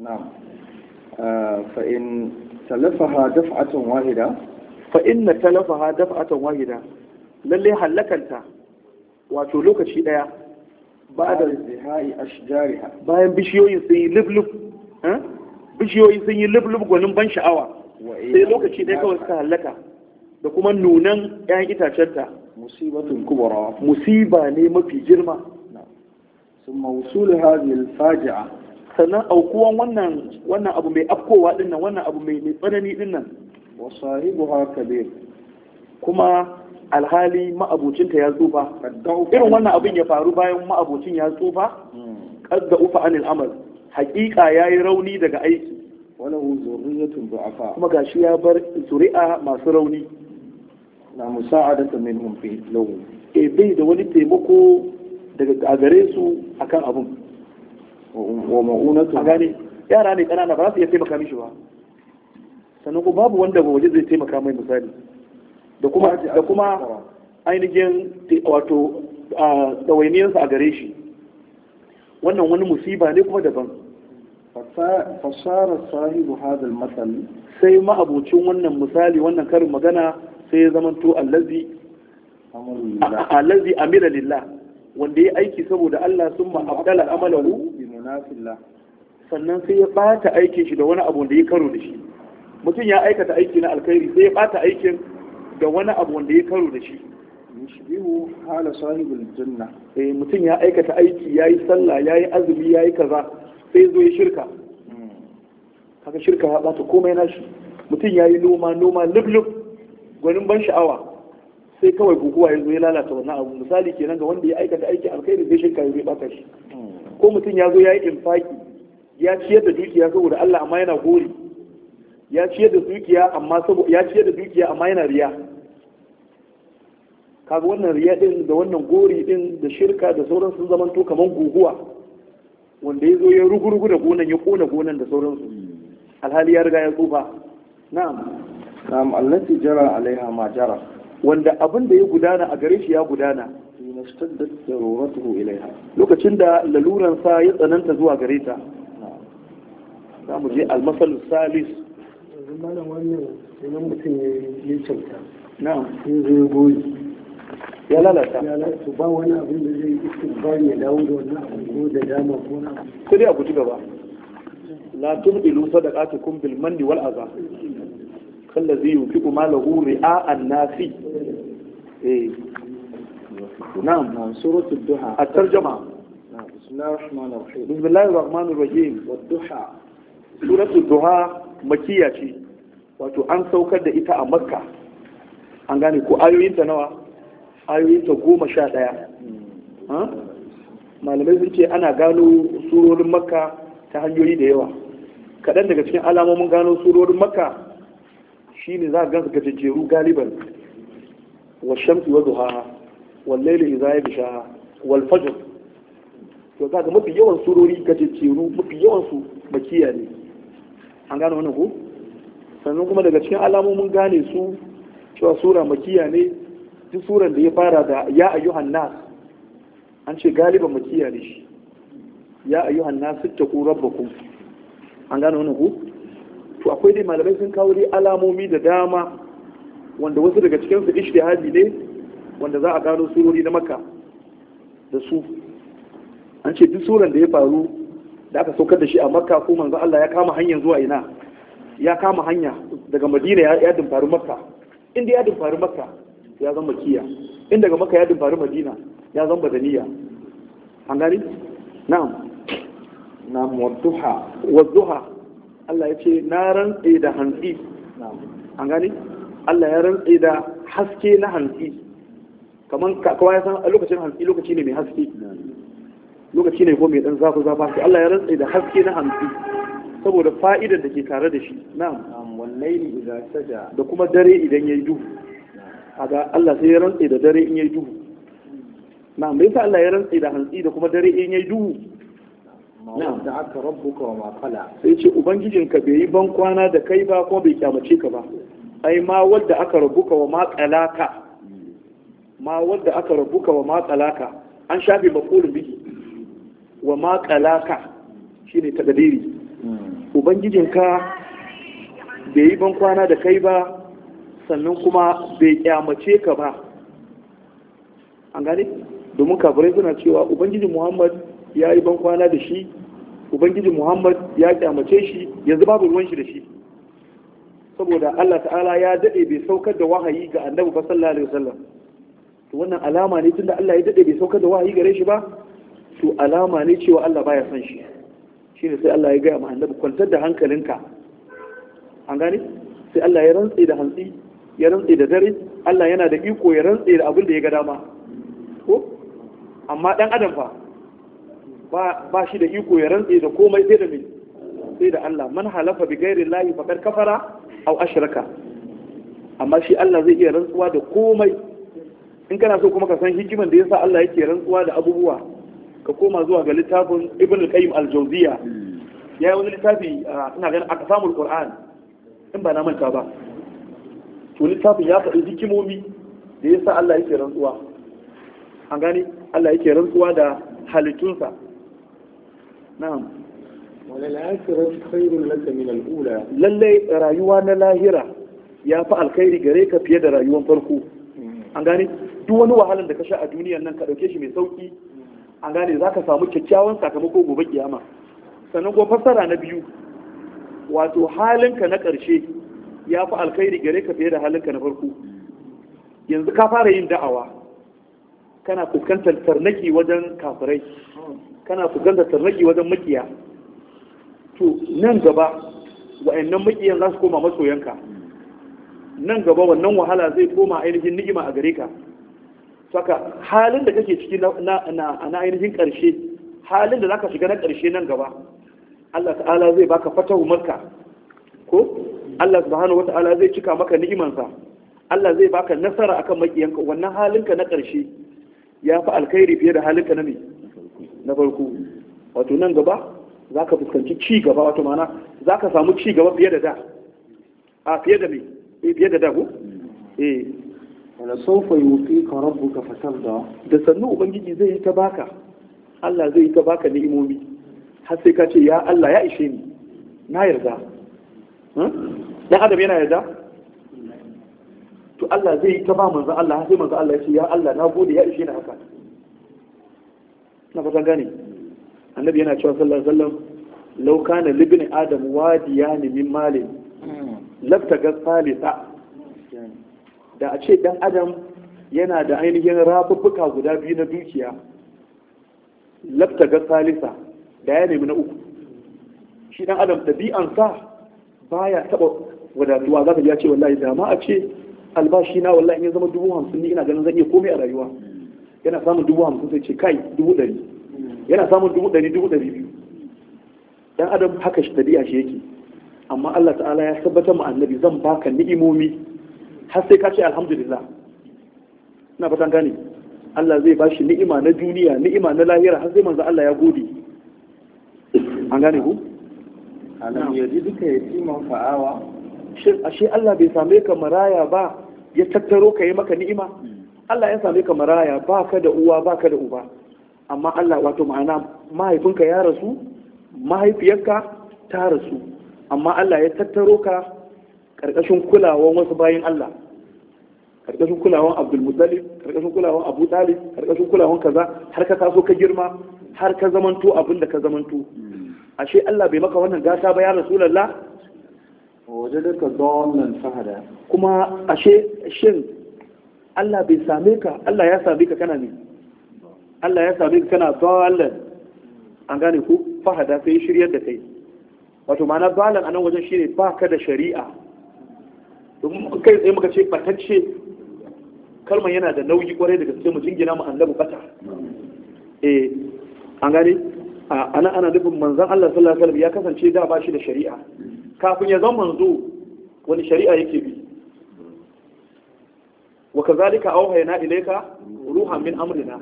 na'am uh, fa in talafaha daf'atan wahida fa inna talafaha daf'atan wahida lalle halakanta wato lokaci daya ba'da zihai ashjariha bayan bishiyoyin sun yi lublub bishiyoyi sun yi lublub gwanin ban sha'awa sai lokaci dai kawai suka hallaka da kuma nunan 'ya'yan itacenta musibatun kubra musiba ne mafi girma sun mawusul hadhihi faji'a sannan aukuwan wannan wannan abu mai afkowa dinnan wannan abu mai tsanani dinnan wa kabir kuma alhali ma'abocinta ya tsufa irin wannan abin ya faru bayan ma'abocin ya tsufa kadda ufa anil amal hakika yi rauni daga aiki wala zurriyatun du'afa kuma gashi ya bar zuri'a masu rauni na musa'adata minhum fi lahu e bai da wani taimako daga gare su akan abun wa ma'unatu gane yara ne kanana ba za su iya taimaka mishi ba sannan ko babu wanda ba waje zai taimaka mai misali da kuma da kuma ainihin wato ɗawainiyarsa a gare shi wannan wani musiba ne kuma daban fasara sahibu hadal matsali sai ma'abucin wannan misali wannan karin magana sai ya zama to allazi allazi amira lillah wanda ya aiki saboda Allah sun ma'abdala amalahu sannan sai ya bata aikin shi da wani abu da ya karo da shi mutum ya aikata aiki na alkhairi sai ya bata aikin da wani abu wanda ya karo da shi yushbihu hala sahibul janna eh mutum ya aikata aiki yayi sallah yayi azumi yayi kaza sai zo ya shirka hmm. kaga shirka ya bata komai na shi. mutum yayi noma noma lublub gwanin ban sha'awa sai kawai guguwa ya zo ya lalata wannan abu misali kenan ga wanda ya aikata aiki alkhairi sai shirka ya zo ya bata shi hmm. ko mutum ya zo ya yi infaki ya ciyar da dukiya saboda Allah amma yana gori ya ciyar da dukiya amma saboda ya ciyar da dukiya amma yana riya kaga wannan riya din da wannan gori din da shirka da sauran sun zaman to guguwa wanda ya zo ya rugurugu da gonan ya kona gonan da sauransu alhali ya riga ya tsufa na'am na'am allati jara alaiha ma jara wanda abin da ya gudana a gare shi ya gudana ilaiha lokacin da laluran sa ya tsananta zuwa gare ta za mu je almasal salis malam wannan idan mutum ya yi kyauta na'am goyi ya lalata su ba wani abin da zai yi ya dawo da wannan abu da dama ko na dai a guji gaba la tubdilu sadaqatukum bil manni wal adha yunfiqu malahu eh نعم سورة الضحى الترجمة بسم الله الرحمن الرحيم بسم الله الرحمن الرحيم والضحى سورة الضحى مكية شيء wato an saukar da ita a makka an gane ko nawa ayoyinta goma sha ɗaya malamai sun ce ana gano surorin makka ta hanyoyi da yawa kaɗan daga cikin alamomin gano surorin makka shi ne za a gansu gajejjeru galiban wa shamsi wa duhaha wal layli idha bisha wa fajr to ga mafi yawan surori gajejjeru mafi yawan su makiya ne an gano wannan ko sannan kuma daga cikin alamomin gane su cewa sura makiya ne duk suran da ya fara da ya ayyuhan nas an ce galiba mu kiyaye shi ya ayyuhan nas tattaqu rabbakum an gano wannan ku to akwai dai malamai sun kawo dai alamomi da dama wanda wasu daga cikin su ishtihadi ne wanda za a gano surori na makka da su an ce duk suran da ya faru da aka saukar da shi a makka ko manzo Allah ya kama hanyar zuwa ina ya kama hanya daga madina ya dimfari makka inda ya dimfari makka ya zama kiya in daga maka ya dumfari madina ya zama badaniya an gani na na'am wadduha wadduha Allah ya ce na rantse da hantsi an gani Allah ya rantse da haske na hantsi kamar kawai ya san lokacin hantsi lokaci ne mai haske lokaci ne ko mai dan zafi zafi Allah ya rantse da haske na hantsi saboda fa'idar da ke tare da shi na'am wallahi idza saja da kuma dare idan yayi duhu kaga Allah sai ya rantse da dare in yayi duhu na'am bai sa Allah ya rantse da hantsi da kuma dare in yayi duhu na'am da aka rabbuka wa ma qala sai ce ubangijinka bai yi ban kwana da kai ba kuma bai kyamace ka ba ai ma wadda aka rabbuka wa ma ma wadda aka rabbuka wa ma an shafe makulun bihi wa Shi ne shine Ubangijin hmm. ubangijinka bai yi ban kwana da kai ba sannan kuma bai kyamace ka ba an gane domin kafirai suna cewa ubangiji muhammad ya yi ban kwana da shi ubangiji muhammad ya kyamace shi yanzu babu ruwan shi da shi saboda allah ta'ala ya daɗe bai saukar da wahayi ga annabi ba sallallahu alaihi wasallam to wannan alama ne tunda allah ya daɗe bai saukar da wahayi gare shi ba to alama ne cewa allah baya son shi shine sai allah ya gaya ma annabi kwantar da hankalinka an gane sai allah ya rantse da hantsi ya rantse da dare Allah yana da iko ya rantse da abin da ya ga dama ko amma dan adam fa ba ba shi da iko ya rantse da komai sai da me sai da Allah man halafa bi ghairi llahi faqad kafara aw ashraka amma shi Allah zai iya rantsuwa da komai in kana so kuma ka san hikiman da yasa Allah yake rantsuwa da abubuwa ka koma zuwa ga littafin Ibn al-Qayyim al-Jawziyya hmm. yayi wani littafi ah, ina ganin aqsamul Qur'an in ba na manta ba to littafin ya faɗi hikimomi da ya sa Allah yake rantsuwa an gani Allah yake rantsuwa da halittunsa na'am walal akhiratu khairun laka min al lalle rayuwa na lahira ya fi alkhairi gare ka fiye da rayuwar farko hmm. an gani duk wani wahalar da ka sha a duniyar nan ka ɗauke shi mai sauki an gane za ka samu kyakkyawan sakamako gobe kiyama sannan kuma fassara na biyu wato halinka na ƙarshe ya fi alkhairi gare ka fiye da halinka na farko yanzu ka fara yin da'awa kana fuskantar tarnaki wajen kafirai kana fuskantar tarnaki wajen makiya to nan gaba wa'annan makiyan za su koma masoyanka nan gaba wannan wahala zai koma ainihin ni'ima a gare ka saka halin da kake ciki na ainihin ƙarshe halin da za ka shiga na ƙarshe nan gaba Allah ta'ala zai baka fatahu makka ko Allah subhanahu wata'ala zai cika maka ni'imansa Allah zai baka nasara akan makiyanka wannan halinka na ƙarshe ya fi alkhairi fiye da halinka na me na farko wato nan gaba za ka fuskanci ci gaba wato mana za ka samu ci gaba fiye da da a fiye da me eh, fiye da da ko eh wala sawfa yutika rabbuka fatarda da sannu ubangiji zai yi ta baka Allah zai yi ta baka ni'imomi har sai ka ce ya Allah ya ishe ni na yarda Hmm? dan adam yana yarda to Allah zai ta ba manzo Allah sai manzo Allah ya ce ya Allah na gode ya ishe ni haka na fata gane annabi yana cewa sallallahu alaihi wasallam law kana libni adam wadiyan min malin ga salisa da a ce dan adam yana da ainihin rafuffuka guda biyu na dukiya ga salisa da ya nemi na uku shi dan adam tabi'ansa baya taba wadatuwa za ka ji ce wallahi da ma a ce albashi na wallahi ya zama dubu hamsin ni ina ganin zan iya komai a rayuwa yana samun dubu hamsin sai ce kai dubu ɗari yana samun dubu ɗari dubu ɗari biyu dan adam haka shi tabi'a shi yake amma Allah ta'ala ya tabbatar ma annabi zan baka ni'imomi har sai ka ce alhamdulillah ina fatan gane Allah zai bashi ni'ima na duniya ni'ima na lahira har sai manzo Allah ya gode an gane ku alam yajidka yatiman fa'awa shin ashe Allah bai same ka maraya ba ya tattaro ka yi maka ni'ima hmm. Allah ya same ka maraya ba ka da uwa ba ka da uba amma Allah wato ma'ana mahaifinka ya rasu mahaifiyarka ta rasu amma Allah ya tattaro ka karkashin kulawan wasu bayan Allah karkashin kulawan Abdul Muttalib karkashin kulawan Abu Talib karkashin kulawan kaza har ka taso ka girma har ka zamanto abin da ka zamanto ashe Allah bai maka wannan gata ba ya rasulullah wajadaka dallan fahada kuma ashe shin Allah bai same ka Allah ya same ka kana ne Allah ya same ka kana dallan an gane ku fahada sai shiryar da kai wato ma'ana dallan anan wajen shine baka da shari'a domin kai sai muka ce batacce kalman yana da nauyi kwarai da gaske mu jingina mu annabi bata eh an gane ana ana nufin manzon Allah sallallahu alaihi ya kasance da ba shi da shari'a kafin ya zama manzo wani shari'a yake bi wa kazalika auhayna ilayka ruhan min amrina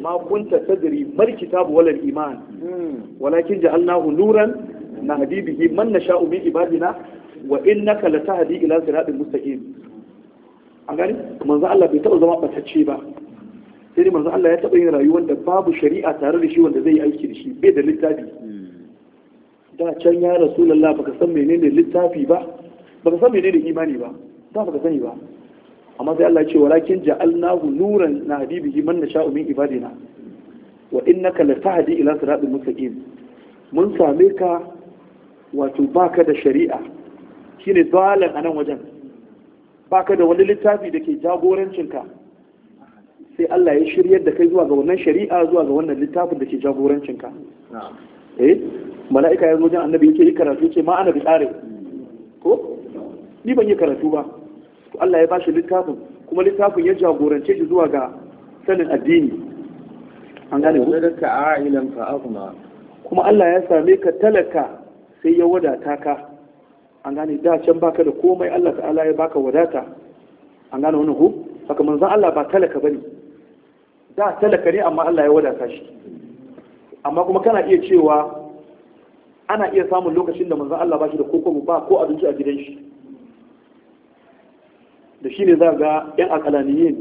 ma kunta tadri mal kitabu wal iman walakin ja'alnahu nuran nahdi bihi man nasha'u min ibadina wa innaka latahdi ila siratin mustaqim an gani manzo Allah bai taɓa zama batacce ba sai manzo Allah ya taɓa yin rayuwar da babu shari'a tare da shi wanda zai yi aiki da shi bai da littafi da can ya rasulullah baka san menene littafi ba baka san menene imani ba ba baka sani ba amma sai Allah ya ce walakin ja'alnahu nuran na habibihi man nasha'u min ibadina wa innaka latahdi ila siratil mustaqim mun same ka wato baka da shari'a shine dalan anan wajen baka da wani littafi da ke jagorancinka sai Allah ya shiryar da kai zuwa ga wannan shari'a zuwa ga wannan littafin da ke jagorancinka eh mala'ika ya zo jin annabi yake yi karatu ce ma ana bi tsare ko ni ban yi karatu ba to Allah ya bashi littafin kuma littafin ya jagorance shi zuwa ga sanin addini an gane ku ka a'ilan fa afna kuma Allah ya same ka talaka sai ya wadata ka an gane da can baka da komai Allah ta'ala ya baka wadata an gane wannan ku haka manzon Allah ba talaka bane da talaka ne amma Allah ya wadata shi amma kuma kana iya cewa ana iya samun lokacin da manzan Allah ba shi da koko ba ko abinci a gidan shi da shi ne za ga yan akalaniyin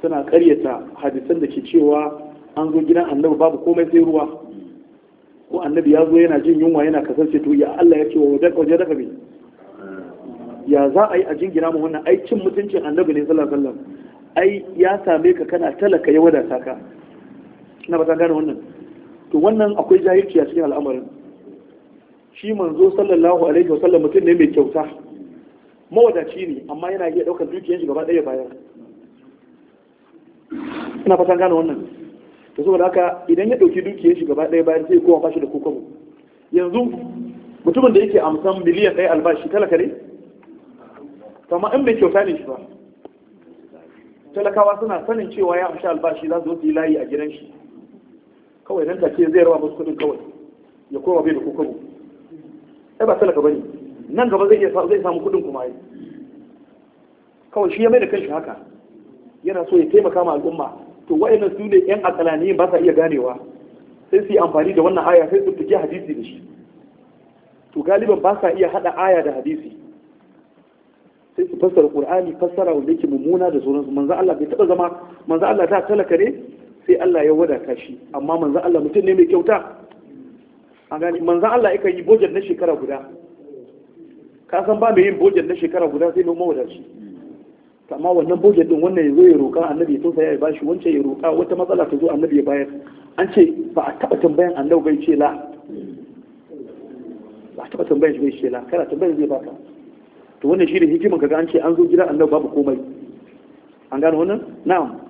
suna karyata hadisan da ke cewa an zo gidan annabi babu komai sai ruwa ko annabi ya zo yana jin yunwa yana kasance to ya Allah ya ce wa kwaje daga bi ya za a yi a jingina mu wannan ai cin mutuncin annabi ne sallallahu ai ya same ka kana talaka ya wadata ka na bata gane wannan to wannan akwai jahilci a cikin al'amarin shi manzo sallallahu alaihi wa sallam mutum ne mai kyauta mawadaci ne amma yana iya daukar dukiyar shi gaba ɗaya bayan ina fata gane wannan to saboda haka idan ya dauki dukiyar shi gaba ɗaya bayan sai kowa bashi da kokobo yanzu mutumin da yake amsan miliyan ɗaya albashi talaka ne kama in bai kyauta ne shi ba talakawa suna sanin cewa ya amshi albashi za su yi layi a gidan shi kawai nan take zai rawa musu kudin kawai ya koma bai da kokoro ai ba talaka bane nan gaba zai zai samu kuɗin kuma ai kawai shi ya mai da kanshi haka yana so ya taimaka ma al'umma to wa'annan su ne yan akalani ba sa iya ganewa sai su yi amfani da wannan aya sai su fike hadisi da shi to galiban ba sa iya hada aya da hadisi sai su fassara qur'ani fassara wanda yake mummuna da sauransu manzo Allah bai taba zama manzo Allah ta talaka ne sai Allah ya wadata shi amma manzo Allah mutum ne mai kyauta an gani manzo Allah yake yi bojan na shekara guda ka san ba mai yin bojan na shekara guda sai mai mawadaci amma wannan bojan din wannan ya zo ya roƙa annabi ya tausaya ya bashi wancan ya roƙa wata matsala ta zo annabi ya bayar an ce ba a taɓa tambayan annabi bai ce la ba a taɓa tambayan shi bai ce la kana tambayan zai baka to wannan shi ne hikiman kaga an ce an zo gidan annabi babu komai an gano wannan na'am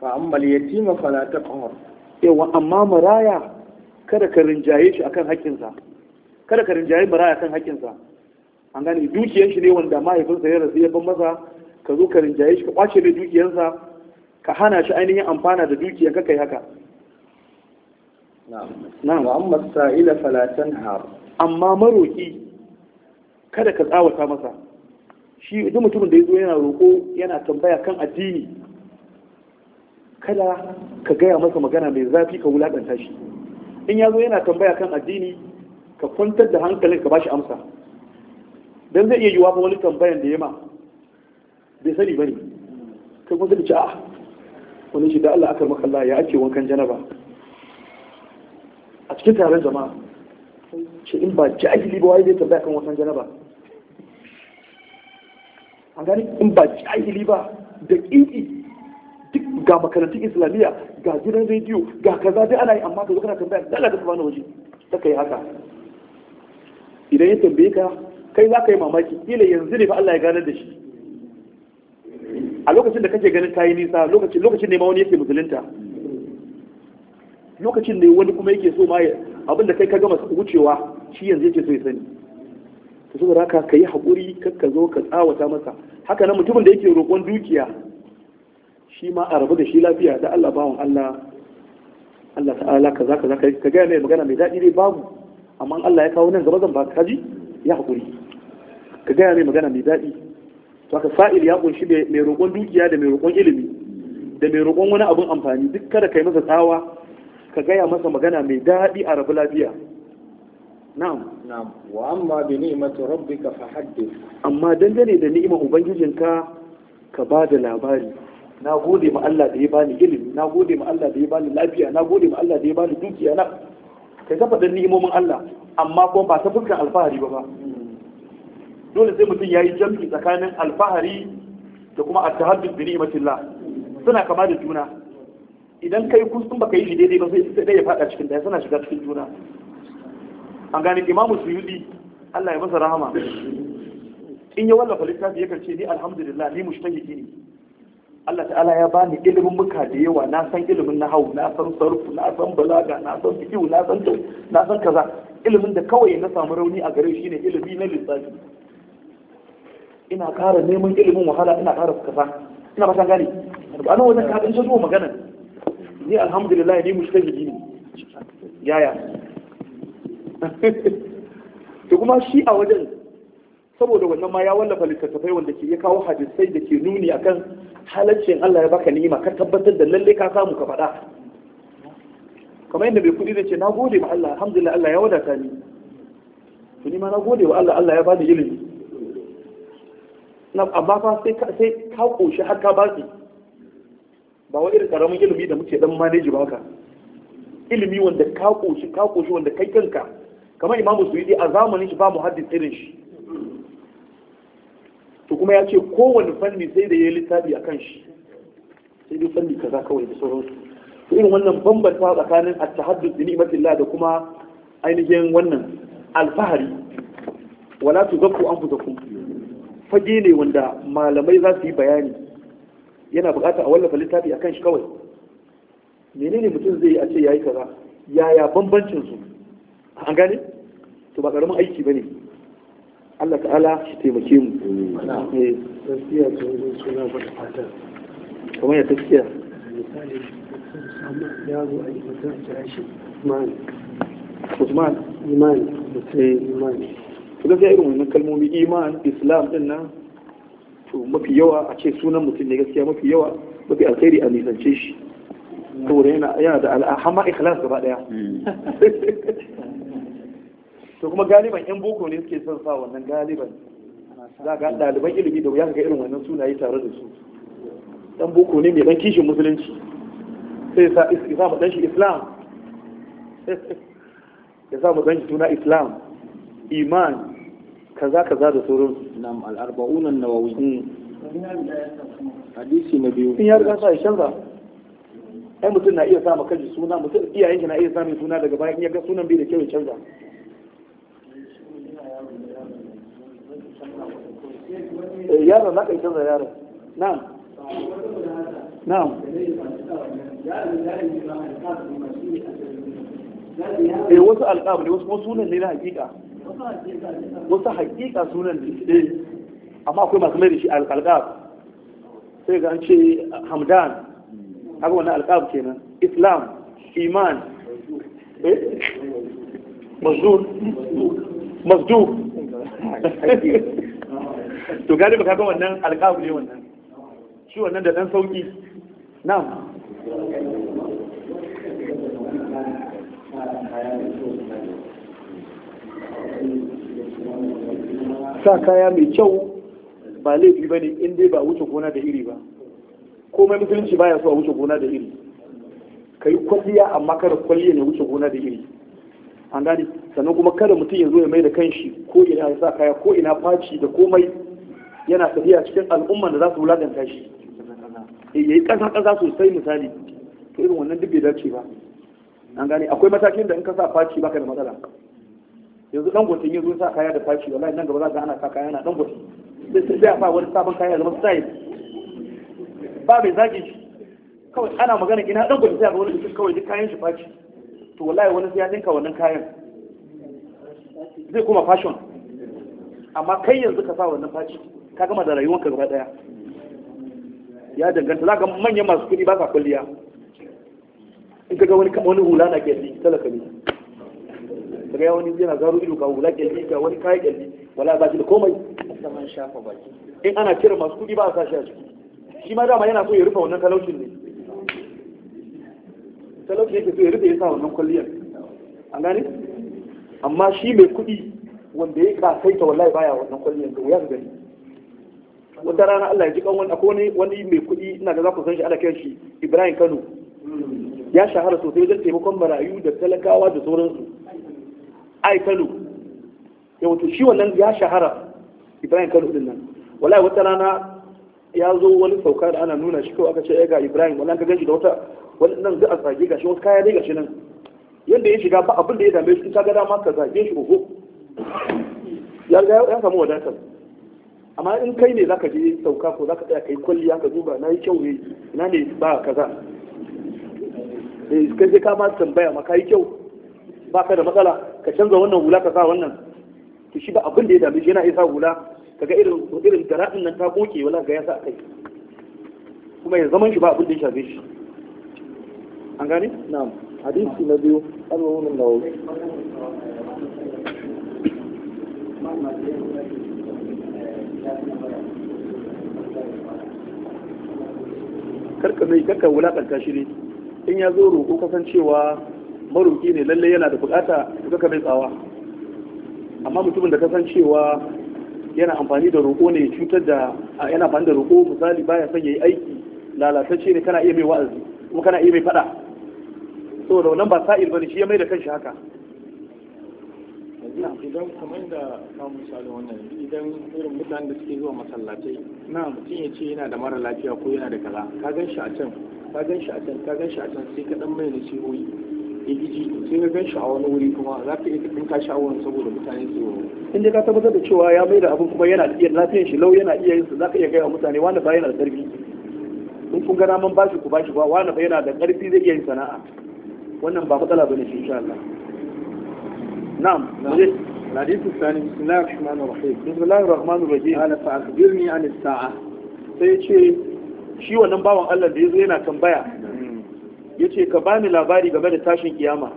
fa ammal yatima fala taqhar yawa amma maraya kada ka rinjaye shi akan hakinsa. kada ka rinjaye maraya akan hakinsa. an gane dukiyar shi ne wanda mahaifinsa ya rasu ya ban masa ka zo ka rinjaye shi ka kwace mai dukiyarsa ka hana shi ainihin amfana da dukiyar ka kai haka na'am wa amma sa'ila fala tanhar amma maroki kada ka tsawata masa shi duk mutumin da ya zo yana roƙo yana tambaya kan addini kada ka gaya masa magana mai zafi ka wulaƙanta shi in ya zo yana tambaya kan addini ka kwantar da hankalin ka bashi amsa dan zai iya yiwa ba wani tambayan da ya ma bai sani bane kai kuma zai ci a wani shi da Allah aka maka Allah ya ake wankan janaba a cikin taron jama'a ce in ba jahili ba wai zai tambaya kan wankan janaba A gani in ba jahili ba da ƙinƙi duk ga makarantun islamiyya ga gidan rediyo ga kaza dai ana yi amma ka zo kana tambaya dala ka tsaba na waje ta kai haka idan ya tambaye ka kai za ka yi mamaki ila yanzu ne fa Allah ya gane da shi a lokacin da kake ganin ta yi nisa lokacin lokacin ne ma wani yake musulunta lokacin ne wani kuma yake so ma abin da kai ka gama wucewa shi yanzu yake so ya sani ta saboda haka ka yi haƙuri ka zo ka tsawata masa haka nan mutumin da yake roƙon dukiya shi ma a rabu da shi lafiya da Allah bawon Allah Allah ta'ala kaza kaza ka gaya mai magana mai daɗi dai babu amma Allah ya kawo nan gaba zan ba ka ji ya haƙuri ka gaya mai magana mai daɗi to haka fa'il ya kunshi mai roƙon dukiya da mai roƙon ilimi da mai roƙon wani abun amfani duk kada kai masa tsawa ka gaya masa magana mai daɗi a rabu lafiya na'am na'am wa amma bi ni'mati rabbika fahaddith amma dangane da ni'imar ubangijinka ka ba da labari na gode ma Allah da ya bani ilimi na gode ma Allah da ya bani lafiya na gode ma Allah da ya bani dukiya na ka ga faɗin ni'imomin Allah amma kuma ba ta fuskar alfahari ba ba dole sai mutum yayi jam'i tsakanin alfahari da kuma at-tahaddud bi ni'matillah suna kama da juna idan kai kuskun baka yi shi daidai ba sai sai ya fada cikin daya suna shiga cikin juna an gane imamu yudi Allah ya masa rahama in ya wallafa littafi ya karce ni alhamdulillah ni mushtahidi ne Allah ta'ala ya bani ilimin muka da yawa na san ilimin na hau na san sarufu na san balaga na san fiqh na san na san kaza ilimin da kawai na samu rauni a gare shi ne ilimi na lissafi ina ƙara neman ilimin wahala ina ƙara kasa ina ba san gane ba nan wajen ka dan zo magana ni alhamdulillah ni mushtahidi ne yaya da <laughs> kuma shi a wajen saboda wannan ma ya wallafa littattafai wanda ke ya kawo hadisai da ke nuni akan halaccin Allah ya baka ni'ima ka tabbatar da lalle ka samu ka faɗa kamar yadda bai kudi da ce na gode wa Allah alhamdulillah Allah ya wadata ni to ni ma na gode wa Allah Allah ya bani ilimi na amma fa sai ka sai ka koshi har ka baki ba wai irin karamin ilimi da muke dan manage ba ka ilimi wanda ka koshi ka koshi wanda kai kanka kamar imamu Musulmi a zamanin shi ba mu haddin irin shi to kuma ya ce kowane fanni sai da ya yi littafi a kan shi sai dai fanni kaza kawai da sauransu to irin wannan bambanta tsakanin at-tahaddud bi ni'matillah da kuma ainihin wannan alfahari wala tuzakku anfusakum fage ne wanda malamai za su yi bayani yana bukata a wallafa littafi kan shi kawai menene mutum zai yi a ce ya yi kaza yaya bambancin su an gane to ba karamin aiki bane Allah ta'ala shi taimake mu eh. suna ba fata kamar ya gaskiya misali a shi Usman imani eh. Iman to gaskiya irin wannan kalmomi iman islam din nan to mafi yawa a ce sunan mutum ne gaskiya mafi yawa mafi alkhairi a nisance shi saboda yana da al'ahama ikhlas gaba daya hmm. <laughs> to kuma galiban yan boko ne suke son sa wannan galiban za ga ɗaliban ilimi da wuya ga irin wannan sunaye tare da su dan boko ne mai dan kishin musulunci sai sa isa mu shi islam ya sa mu dan shi tuna islam iman kaza kaza da sauran nam al-arba'un nawawi mm. hadisi na biyu in ya riga sa ya canza ai mutum na iya sa maka suna mutum iyayen na iya mai suna daga bayan in ya ga sunan bai da kyau ya canza Eh, yaron za ka yi canza yaron na'am na'am eh wasu alƙabu ne wasu kuma sunan ne na hakika wasu hakika sunan ne eh amma akwai masu mai da shi alƙalƙab sai ga an ce hamdan haka wannan alƙab kenan islam iman eh mazdur mazdur <laughs> to gari ba kaga wannan alƙawu ne wannan shi wannan da dan sauki na'am sa kaya mai kyau ba laifi ba ne in dai ba wuce gona da iri ba komai musulunci baya so a wuce gona da iri ka yi kwalliya amma kada kwalliya ne wuce gona da iri an gane sannan kuma kada mutum ya zo ya mai da kanshi ko ina sa kaya ko ina faci da komai yana tafiya cikin al'umman da za su wulaganta shi eh, ya yi ƙasa-ƙasa sosai misali to irin wannan duk bai dace ba an gane akwai matakin da in ka sa faci baka da matsala yanzu dan gwatin yanzu sa kaya da faci wallahi nan gaba za ka ana sa kaya na dan gwatin sai sai a sa wani sabon kaya zama style ba mai zagi shi kawai ana magana ina dan gwatin sai a ga wani bikin kawai duk kayan shi faci to wallahi wani sai ya dinka wannan kayan zai kuma fashion amma kai yanzu ka sa wannan faci ka gama da rayuwanka gaba daya ya danganta za ka manyan masu kuɗi ba sa kwalliya in ka ga wani wani hula na kyalli talaka ne daga ya wani yana zaro ido ka hula kyalli ka wani kayan kyalli wala ba shi da komai in ana kira masu kuɗi ba a sa shi a ciki shi ma dama yana so ya rufe wannan talaucin ne talaucin yake so ya rufe ya sa wannan kwalliyar an gane amma shi mai kuɗi wanda ya kasaita wallahi baya wannan kwalliyar da wuya ga gani wata rana Allah ya ji kan wani akwai wani mai kuɗi ina da za ku san shi ana kiran shi Ibrahim Kano ya shahara sosai wajen taimakon marayu da talakawa da sauransu ai Kano ya wato shi wannan ya shahara Ibrahim Kano din nan wallahi wata rana ya zo wani sauka da ana nuna shi kawai aka ce ga Ibrahim wannan ka ganshi da wata wannan za a zage gashi wasu kaya dai gashi nan Yadda ya shiga ba abin da ya dame shi ta ga dama ka zage shi ko. ya ya samu wadatar amma in kai ne zaka je sauka ko zaka tsaya kai kwalliya ka duba na yi kyau ne ina ne ba kaza eh kai zai ka ma tambaya ma kai kyau ba ka da matsala ka canza wannan hula ka sa wannan to shi ba abin da ya dame shi yana isa hula kaga irin irin daradin nan ta koke wala ga ya sa kai kuma ya zaman shi ba abin da ya shafe shi an gane na'am hadisi na biyu an wurin nawawi karka mai karka wulakanta shi ne in ya zo roƙo kasancewa maroƙi ne lalle yana da buƙata to kaka mai tsawa amma mutumin da kasancewa yana amfani da roƙo ne cutar da yana amfani da roƙo misali baya son yayi aiki lalatacce ne kana iya mai wa'azi kuma kana iya mai faɗa saboda wannan ba sa'il bane shi ya mai da kanshi haka idan kuma da kamu misali wannan idan irin mutanen da suke zuwa masallatai na mutum ya ce yana da mara lafiya ko yana da kaza ka gan shi a can ka gan shi a can ka gan shi a can sai ka dan mai nasihohi ya giji sai ka gan shi a wani wuri kuma za ka iya kafin ka sha wurin saboda mutane su inda ka tabbatar da cewa ya mai da abin kuma yana iya lafiyan shi lau yana iya yin su za ka iya gaya wa mutane wani ba yana da ƙarfi in kun gana man bashi ku bashi ba wani ba yana da ƙarfi zai iya yin sana'a wannan ba matsala ne shi insha Allah نعم الحديث الثاني بسم الله الرحمن الرحيم بسم الله الرحمن الرحيم قال فأخبرني عن الساعة سيتشي shi wannan bawan Allah da yazo yana tambaya yace ka bani labari game da tashin kiyama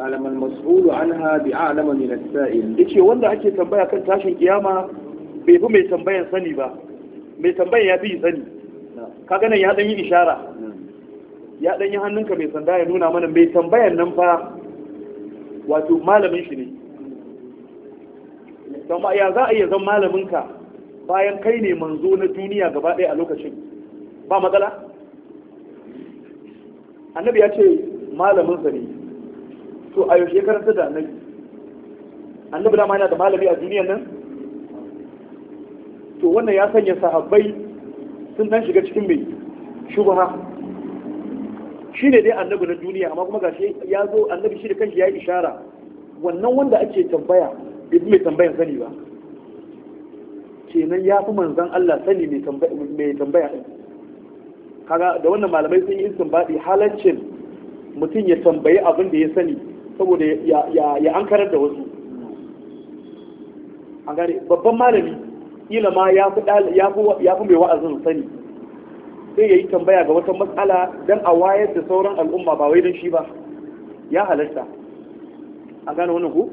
alam al-mas'ul anha bi'alama min as-sa'il yace wanda ake tambaya kan tashin kiyama bai fi mai tambayan sani ba mai tambayan ya fi sani kaga nan ya dan yi ishara ya dan yi hannunka mai sanda ya nuna mana mai tambayan nan fa wato malamin shi ne don ya za a iya zan malaminka bayan kai ne manzo na duniya gaba ɗaya a lokacin ba matsala annabi ya ce malaminsa ne to a yaushe karanta da annabi annabi dama yana da malami a duniyan nan to wannan ya sanya sahabbai sun dan shiga cikin mai shubha shi ne dai annabi na duniya amma kuma gashi ya zo annabi shi da kanshi ya yi ishara wannan wanda ake tambaya bai mai tambayan sani ba kenan ya fi manzan Allah sani mai tambaya ɗin kaga da wannan malamai sun yi baɗi halaccin mutum ya tambayi abin da ya sani saboda ya ankarar da wasu an gane babban malami ila ma ya fi mai wa'azin sani sai ya yi tambaya ga wata matsala don a wayar da sauran al'umma ba wai don shi ba ya halarta a gane wannan ku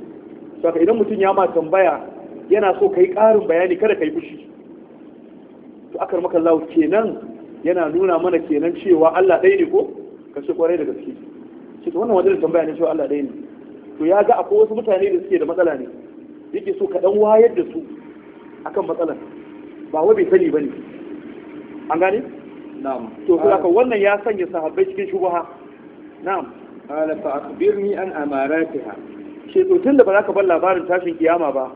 saka idan mutum ya ma tambaya yana so ka yi ƙarin bayani kada ka yi fushi to akar maka lau kenan yana nuna mana kenan cewa Allah ɗaya ne ko ka ce kwarai da gaske shi to wannan wajen tambaya ne cewa Allah ɗaya ne to ya ga akwai wasu mutane da suke da matsala ne yake so ka ɗan wayar da su akan matsalar ba wai bai sani ne. an gane na'am to haka wannan ya sanya sahabbai cikin shubha na'am qala fa akhbirni an amaratiha shi to tunda ba za ka bar labarin tashin kiyama ba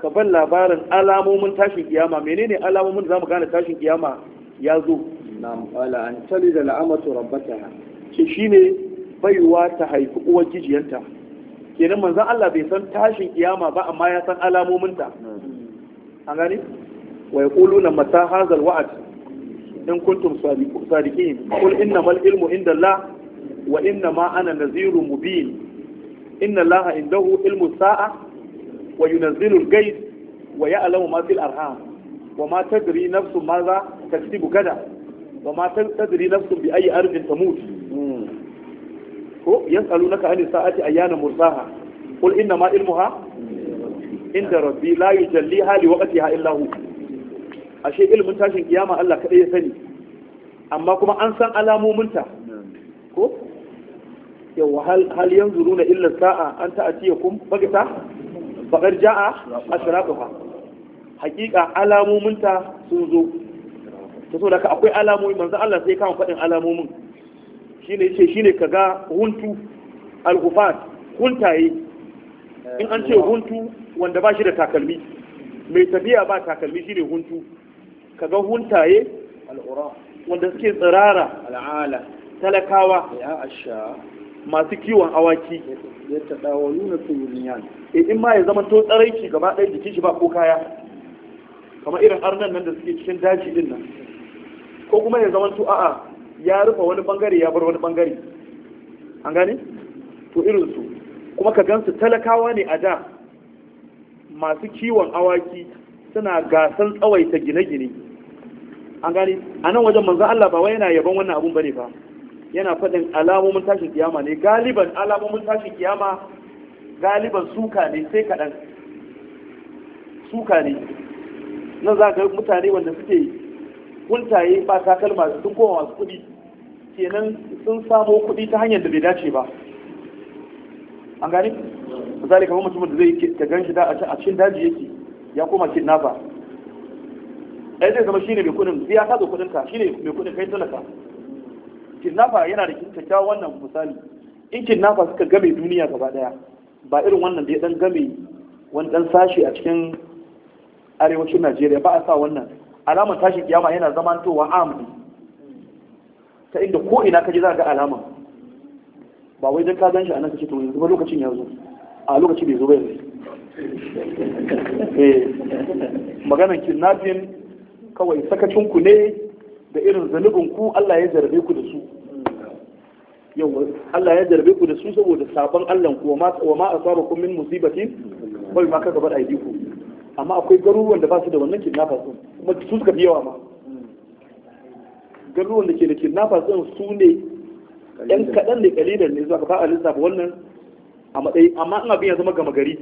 ka bar labarin alamomin tashin kiyama menene alamomin da zamu gane tashin kiyama ya zo na'am qala an talida al'amatu rabbataha shi shine baiwa ta haifi uwar jijiyanta kenan manzon Allah bai san tashin kiyama ba amma ya san alamomin ta an gani wa yaquluna mata hazal wa'd in kuntum sadiqin qul innamal ilmu inda indallah wa innama ana nazirun mubin inna allaha indahu ilmu sa'a wa yunazzilu al-ghayth wa ya'lamu ma fil arham wa ma tadri nafsun madha taktibu kada wa ma tadri nafsun bi ayi ardin tamut ko yas'alunaka an sa'ati ayyana mursaha qul innama ilmuha inda rabbi la yujalliha liwaqtiha illa hu ashe ilimin tashin kiyama Allah kaɗai ya sani amma kuma an san alamominta ko yau hal yanzu nuna illar sa'a an ta'atiya kun bagata bakar ja'a a shirakuwa hakika alamominta sun zo ta so daga akwai alamomi manzan Allah sai kama faɗin alamomin shi shi yace ka kaga huntu alhufat huntaye in an ce huntu wanda ba shi da takalmi mai tafiya ba takalmi shine huntu ka ga huntaye wanda suke tsirara al'ala talakawa masu kiwon awaki ya nuna eh, in ma ya zama to tsaraici gaba ɗaya jikin shi ba ko kaya kamar irin arnan nan da suke cikin daji din nan ko kuma ya zama to a'a ya rufe wani bangare ya bar wani bangare an gane to irin su kuma ka gansu talakawa ne a da masu kiwon awaki suna gasan tsawaita gine-gine an gani a nan wajen manzan Allah ba wai yana yaban wannan abun bane ba yana faɗin alamomin tashin kiyama ne galiban alamomin tashin kiyama galiban suka ne sai kaɗan suka ne nan za ga mutane wanda suke kuntaye ba takalma sun koma masu kuɗi kenan sun samo kuɗi ta hanyar da bai dace ba an gani misali kamar mutumin da zai ta gan shi da a cikin daji yake ya koma kidnapper ɗaya zai zama shi ne mai kudin sai ya kazo kudin ka shi ne mai kudin kai talaka kidnapper yana da kyakkyawan wannan misali in kidnapper suka game duniya gaba daya ba irin wannan da ya dan game wani dan sashi a cikin arewacin Najeriya ba a sa wannan alamar tashin kiyama yana zamantowa amni ta inda ko ina ka ji za ga alama ba wai dan ka gan shi ka ce, to yanzu ba lokacin ya zo a lokaci bai zo ba yanzu <laughs> eh maganar kidnapping kawai sakacinku ne da irin zanubinku Allah ya jarabe ku da su yau Allah ya jarabe ku da su saboda sabon Allah ku wa ma kun min musibatin wal ma kaga bada ku amma akwai garuruwan da ba su da wannan kidnapper sun kuma su suka fi yawa ma garuruwan da ke da kidnapper sun su ne yan kaɗan ne kalilan ne zuwa ba a lissafa wannan a matsayi amma ina abin ya zama gama gari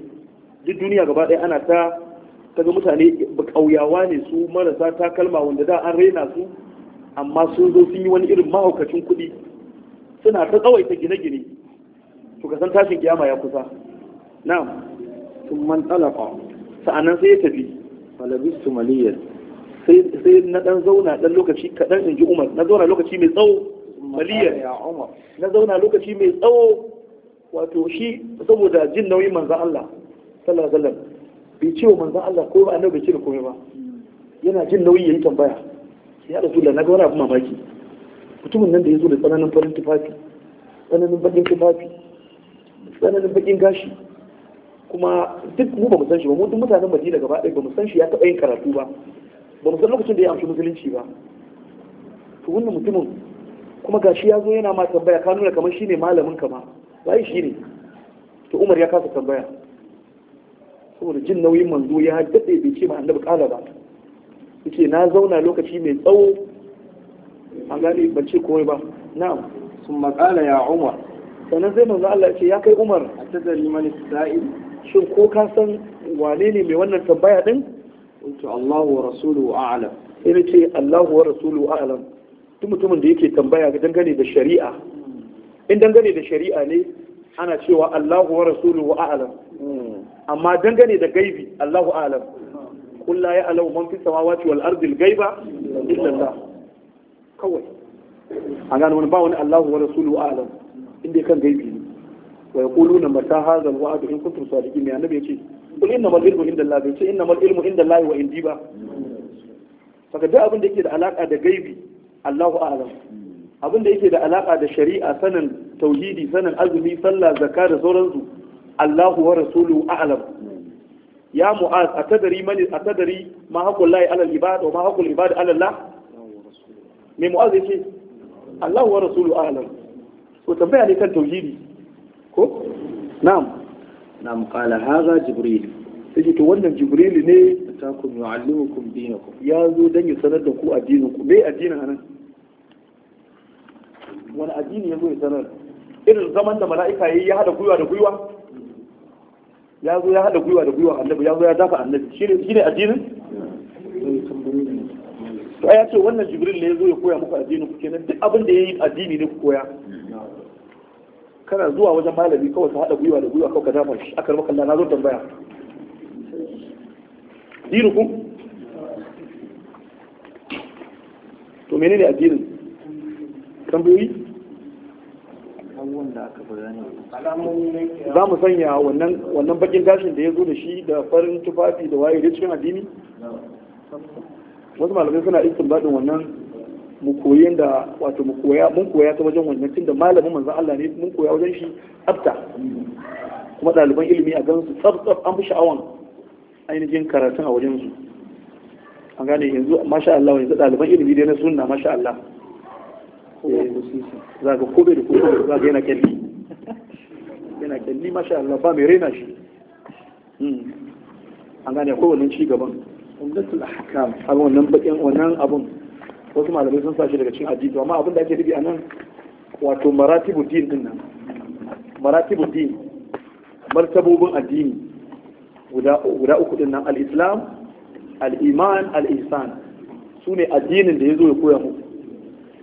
duk duniya gaba ɗaya ana ta kaga mutane kauyawa ne su marasa takalma wanda da an raina su amma sun zo sun yi wani irin mahaukacin kuɗi suna ta ta gine-gine to ka san tashin kiyama ya kusa na'am sun man talaqa sa'annan sai ya tafi su maliyar sai na dan zauna dan lokaci kaɗan, in ji umar na zauna lokaci mai tsawo maliyar na zauna lokaci mai tsawo wato shi saboda jin nauyin manzan Allah sallallahu alaihi wasallam bai ce wa manzan Allah ko ba annabi bai ce da komai ba yana jin nauyi ya yi tambaya ya rasu da naga wani abu mamaki mutumin nan da ya zo da tsananin farin tufafi tsananin bakin tufafi tsananin bakin gashi kuma duk mu ba mu san shi ba mu duk mutanen Madina gaba ɗaya ba mu san shi ya taɓa yin karatu ba ba mu san lokacin da ya amshi musulunci ba to wannan mutumin kuma gashi ya zo yana ma tambaya ka nuna kamar shine malamin kama wai shine to Umar ya kasa tambaya saboda jin nauyin manzo ya daɗe bai ce ma annabi ƙala ba yake na zauna lokaci mai tsawo a gane ban ce kowai ba na'am sun makala ya umar sannan sai manzo Allah ce ya kai umar a tazari mani sa'il shin ko ka san wane ne mai wannan tambaya din kuntu Allahu wa rasuluhu a'lam sai ce Allahu wa rasuluhu a'lam duk mutumin da yake tambaya ga dangane da shari'a in dangane da shari'a ne ana cewa Allahu wa rasuluhu a'lam hmm. amma dangane da gaibi Allahu alam qul ya ya'lamu man fis samawati wal ardi al ghaiba illa Allah kawai an gano wani ba wani Allahu wa rasuluhu alam inda kan gaibi ne wa yaquluna mata hadha al wa'd in kuntum sadiqin ya nabi yace qul innamal ilmu inda Allah bai ce innamal ilmu inda Allah wa indi ba saka duk abin da yake da alaka da gaibi Allahu a'lam abin da yake da alaka da shari'a sanan tauhidi sanan azumi sallah zakka da sauransu Allahu wa a a'lam ya mu'az atadari man atadari ma haqqul lahi 'ala al-ibad wa ma haqqul ibada 'ala Allah me mu'az yake Allahu wa rasuluhu a'lam ko tambaya ne kan tauhidi ko na'am na'am qala hadha jibril sai to wannan jibril ne takum yu'allimukum dinakum ya zo dan ya sanar da ku addinin ku me addinin anan wani addini ya zo ya sanar irin zaman da mala'ika yayi ya hada gwiwa da gwiwa ya zo ya haɗa gwiwa da gwiwa annabi ya zo ya dafa annabi shi ne addinin to ya ce wannan jibril ne ya zo ya koya muku addini ku kenan duk abin da ya yi addini ne ku koya kana zuwa wajen malami kawai ka haɗa gwiwa da gwiwa kawai ka dafa shi akar makalla na zo tambaya ku? to menene addinin tambayoyi za mu sanya wannan bakin gashin da ya zo da shi da farin tufafi da waye da cikin addini wasu malamai suna baɗin wannan mu da wato mu koya mun koya ta wajen wannan tunda malamin manzon Allah ne mun koya wajen shi tsafta kuma ɗaliban ilimi a gansu tsaf tsaf an fi sha'awan ainihin karatun a wajen su an gane yanzu masha Allah yanzu ɗaliban ilimi dai na sunna masha Allah Eh, za ga kobe da kobe za ga yana kyalli yana kyalli masha Allah ba mai raina shi hmm. an gane ko wannan ci gaban umdatul ahkam har wannan bakin wannan abun wasu malamai sun sashi daga cikin hadisi amma abin da ake rubi anan wato maratibu din din nan maratibu din martabobin addini guda guda uku din nan al-islam al-iman al-ihsan sune addinin da yazo ya koya muku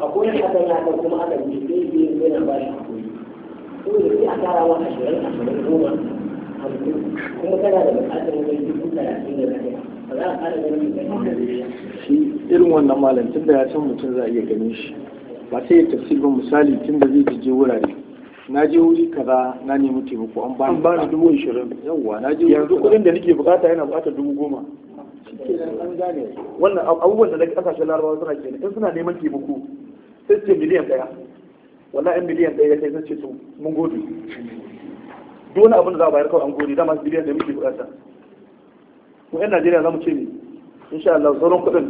akwai haka ya kan kuma aka ji sai biyu yana ba shi kuma da sai a kara wa ashirin ashirin goma kuma kana da bukatar wani dubu talatin da kai ba za a kara ganin shi irin wannan malam tun da ya san mutum za a iya ganin shi ba sai ya tafsir ba misali tun da zai je wurare na je wuri kaza na nemi taimako an ba ni dubu ishirin yawwa na je yanzu kuɗin da nake bukata yana bukatar dubu goma wannan abubuwan da na kasashe larabawa suna ke in suna neman taimako sai ce miliyan daya wala yan miliyan daya ya kai sai ce su mun gode duk wani abin da za a bayar kawai an gode dama miliyan da muke bukata mu yan Najeriya za mu ce ne insha Allah sauran kuɗin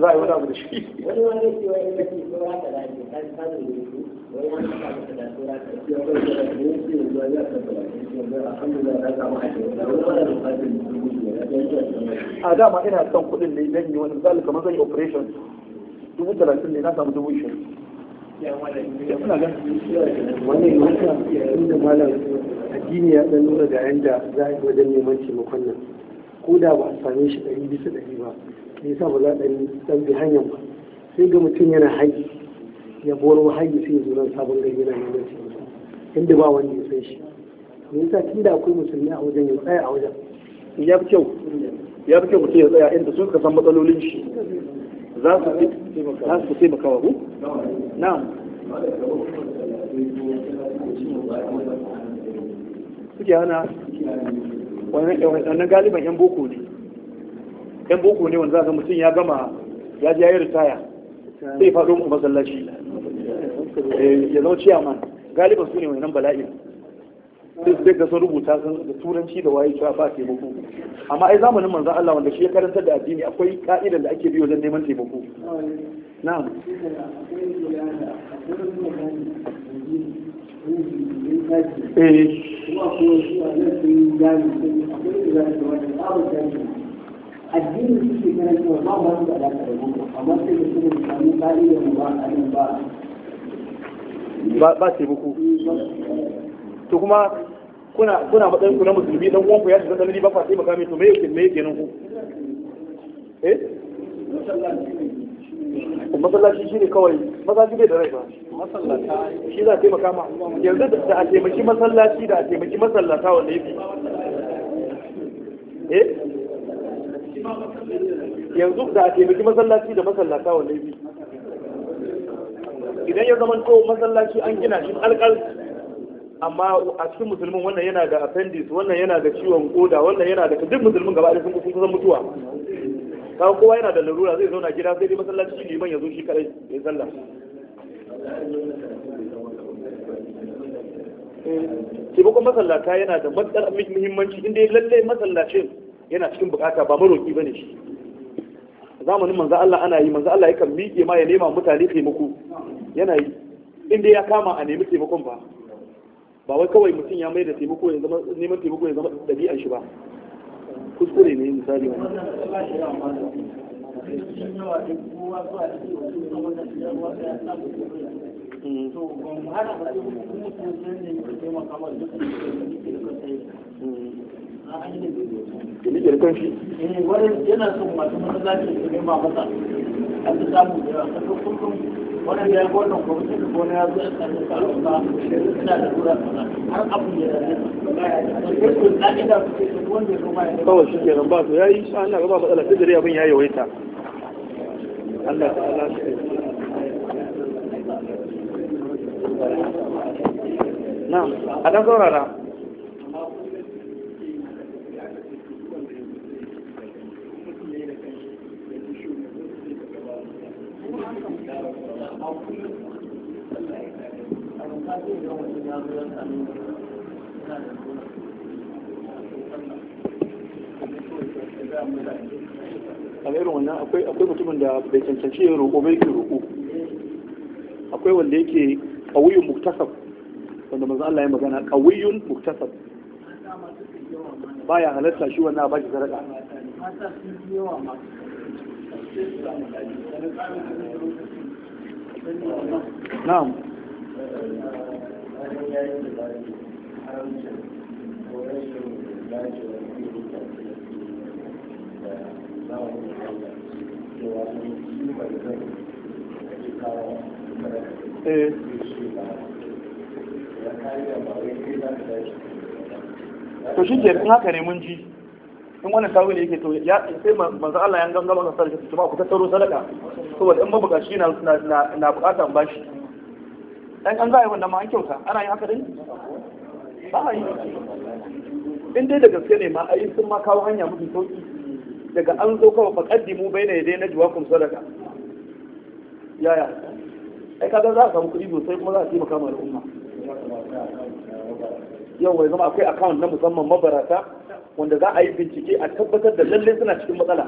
za a yi wani abu da shi a dama ina son kuɗin ne dan yi wani misali kamar zan yi operation dubu talatin ne na samu dubu ishirin ina ga wannan yankan inda malam addini ya dan nuna ga yanda za a yi wajen neman taimakon nan ko da ba a same shi ɗari bisa ɗari ba me yasa ba za a ɗan bi hanyar ba sai ga mutum yana haƙi ya boro hanyi sai ya zuwa sabon sabon gari yana ce musu inda ba wanda ya san shi me yasa tun da akwai musulmi a wajen ya tsaya a wajen ya fi kyau ya fi kyau mutum ya tsaya inda su suka san matsalolin shi za su taimaka wa ku Na suke hana wannan galiban yan boko ne yan boko ne wanda za ga mutum ya gama ya ji ya yi ritaya sai faɗo mu masallaci Eh, ya zama ciyaman galiban su ne mai nan bala'in sai su ga sun rubuta sun da turanci da waye cewa ba taimako amma ai zamanin manzon Allah wanda shi ya karantar da addini akwai ka'ida da ake bi wajen neman taimako na'am eh addini shi ke karantar ba ba su da alaƙa da boko amma sai da su da samu ka'idar ba a nan ba ba buku to kuma kuna kuna matsayin ku na musulmi dan uwanku ya shiga tsanani ba fa sai makami to me yake me yake nan ku eh masallaci ne kawai masallaci bai da rai ba shi za a taimaka ma yanzu da a taimaki masallaci da a taimaki masallata wanda yake eh yanzu da a taimaki masallaci da masallata wanda yake idan ya zama to masallaci an gina shi alƙal amma a cikin musulmin wannan yana da appendix wannan yana da ciwon koda wannan yana da duk musulmin gaba da sun kusan mutuwa kawo kowa yana da larura zai zauna gida sai dai masallaci shi liman ya zo shi kadai ya sallah eh, taimakon masallata yana da matsar muhimmanci inda lalle masallacin yana cikin bukata ba maroki bane shi zamanin manzo Allah ana yi manzo Allah yakan miƙe ma ya nema mutane taimako yana yi inda ya kama a nemi taimakon ba ba wai kawai mutum ya mai da taimako ya zama neman taimako ya zama ɗabi'ar shi ba kuskure ne misali wani to mm. Kini kirkan shi? Eh, yana son masu su nema masa. An ta samu da yawa, kasar ya da gona ya a tsarin ba suna da lura har abu ya shi ke nan ba su ana gaba matsala ta dare abin ya yawaita Allah ta shi na'am a dan saurara wanda bai cancanci ya roƙo bai ke roƙo akwai wanda yake ƙawiyun muktasab wanda manzo Allah ya magana ƙawiyun muktasab baya halatta shi wannan ba shi sadaka na'am Thank you. Eh. to shi ke haka ne mun ji in wani tawo ne yake to ya sai manzo Allah ya ganga ga sarki su ba ku taro sadaka saboda in mabukaci na na na bukatan shi. dan an zai wannan ma an kyauta ana yin haka din ba yi in dai da gaske ne ma ai sun ma kawo hanya mutum sauki daga an zo kawai mu bai na yadda na juwakun sadaka yaya ai kaga za a samu kuɗi sosai kuma za a taimaka ma al'umma yau wai zama akwai account na musamman mabarata wanda za a yi bincike a tabbatar da lallai suna cikin matsala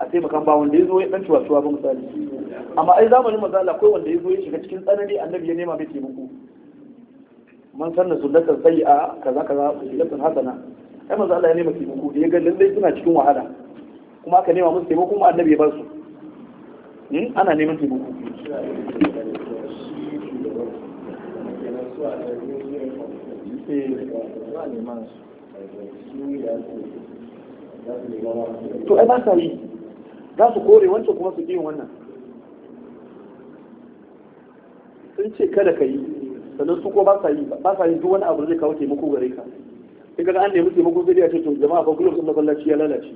a taimaka ba wanda ya zo ya dan cuwa ba misali amma ai zamanin mazala akwai wanda ya zo ya shiga cikin tsanani annabi ya nema mai taimako man sanna sunnatan a kaza kaza sunnatan hasana ai manzo ya nema taimako da ya ga lallai suna cikin wahala kuma aka nema musu taimako kuma annabi ya bar su hmm? ana neman taimako eh. to ai ba sa yi za su kore wancan kuma su yin wannan sun ce kada ka yi sannan su ko ba sa yi ba sa yi duk wani abu zai kawo taimako gare ka sai kaga an nemi taimako zai ya ce to jama'a ba kullum sun masallaci ya lalace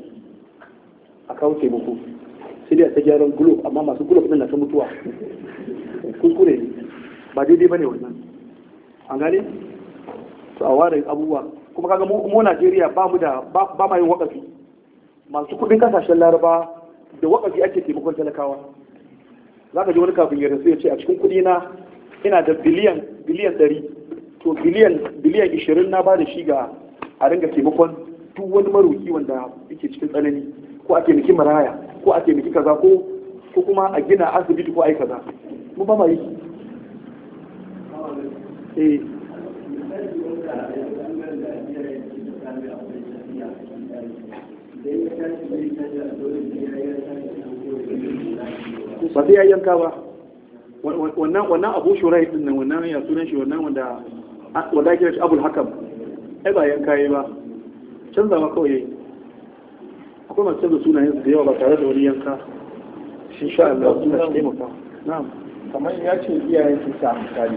a kawo taimako sai dai a ta gyaran gulob amma masu gulob din na ta mutuwa kuskure ne ba daidai ba ne wannan an gane su a ware abubuwa kuma kaga mu Najeriya ba mu da ba ma yin wakafi masu kudin kasashen Laraba da wakafi ake taimakon talakawa za ka ji wani kafin ya rasu ya ce a cikin kudi na ina da biliyan biliyan ɗari, to biliyan biliyan ishirin na ba da shi ga a ringa taimakon duk wani maroki wanda yake cikin tsanani ko a taimaki maraya ko a taimaki kaza ko ko kuma a gina asibiti ko a yi kaza mu ba ma yi eh ba sai ya yanka ba wannan abu shura yi nan wannan ya sunan shi wannan wanda wanda ake shi abul hakam ai ba yanka yi ba canza ma kawai Kuma masu da sunayen da yawa ba tare da wani yanka shi sha Allah suna shi taimaka na'am kamar ya ce iyayen su sa misali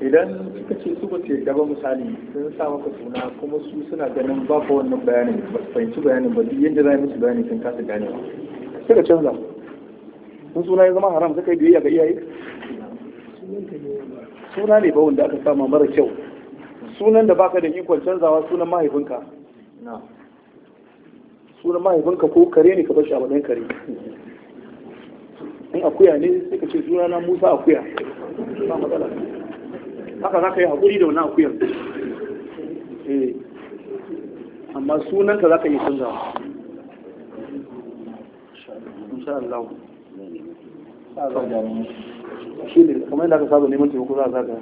idan suka ce su ba su yarda misali sun sa maka suna kuma su suna ganin ba ka wannan bayanin ba su fahimci bayanin ba duk yadda za a yi musu bayani sun kasa ganewa suka canza sun suna ya zama haram suka yi biyayya ga iyaye suna ne ba wanda aka sama mara kyau sunan da baka da ikon canzawa sunan mahaifinka sunan mahaifinka ko kare ne ka bashi a matsayin kare in akuya ne sai ka ce suna na musa akuya ba matsala haka za ka yi haƙuri da wannan akuyar eh. amma sunan ka za ka yi canza insha Allah shi ne kamar yadda aka saba neman taimako za a zaga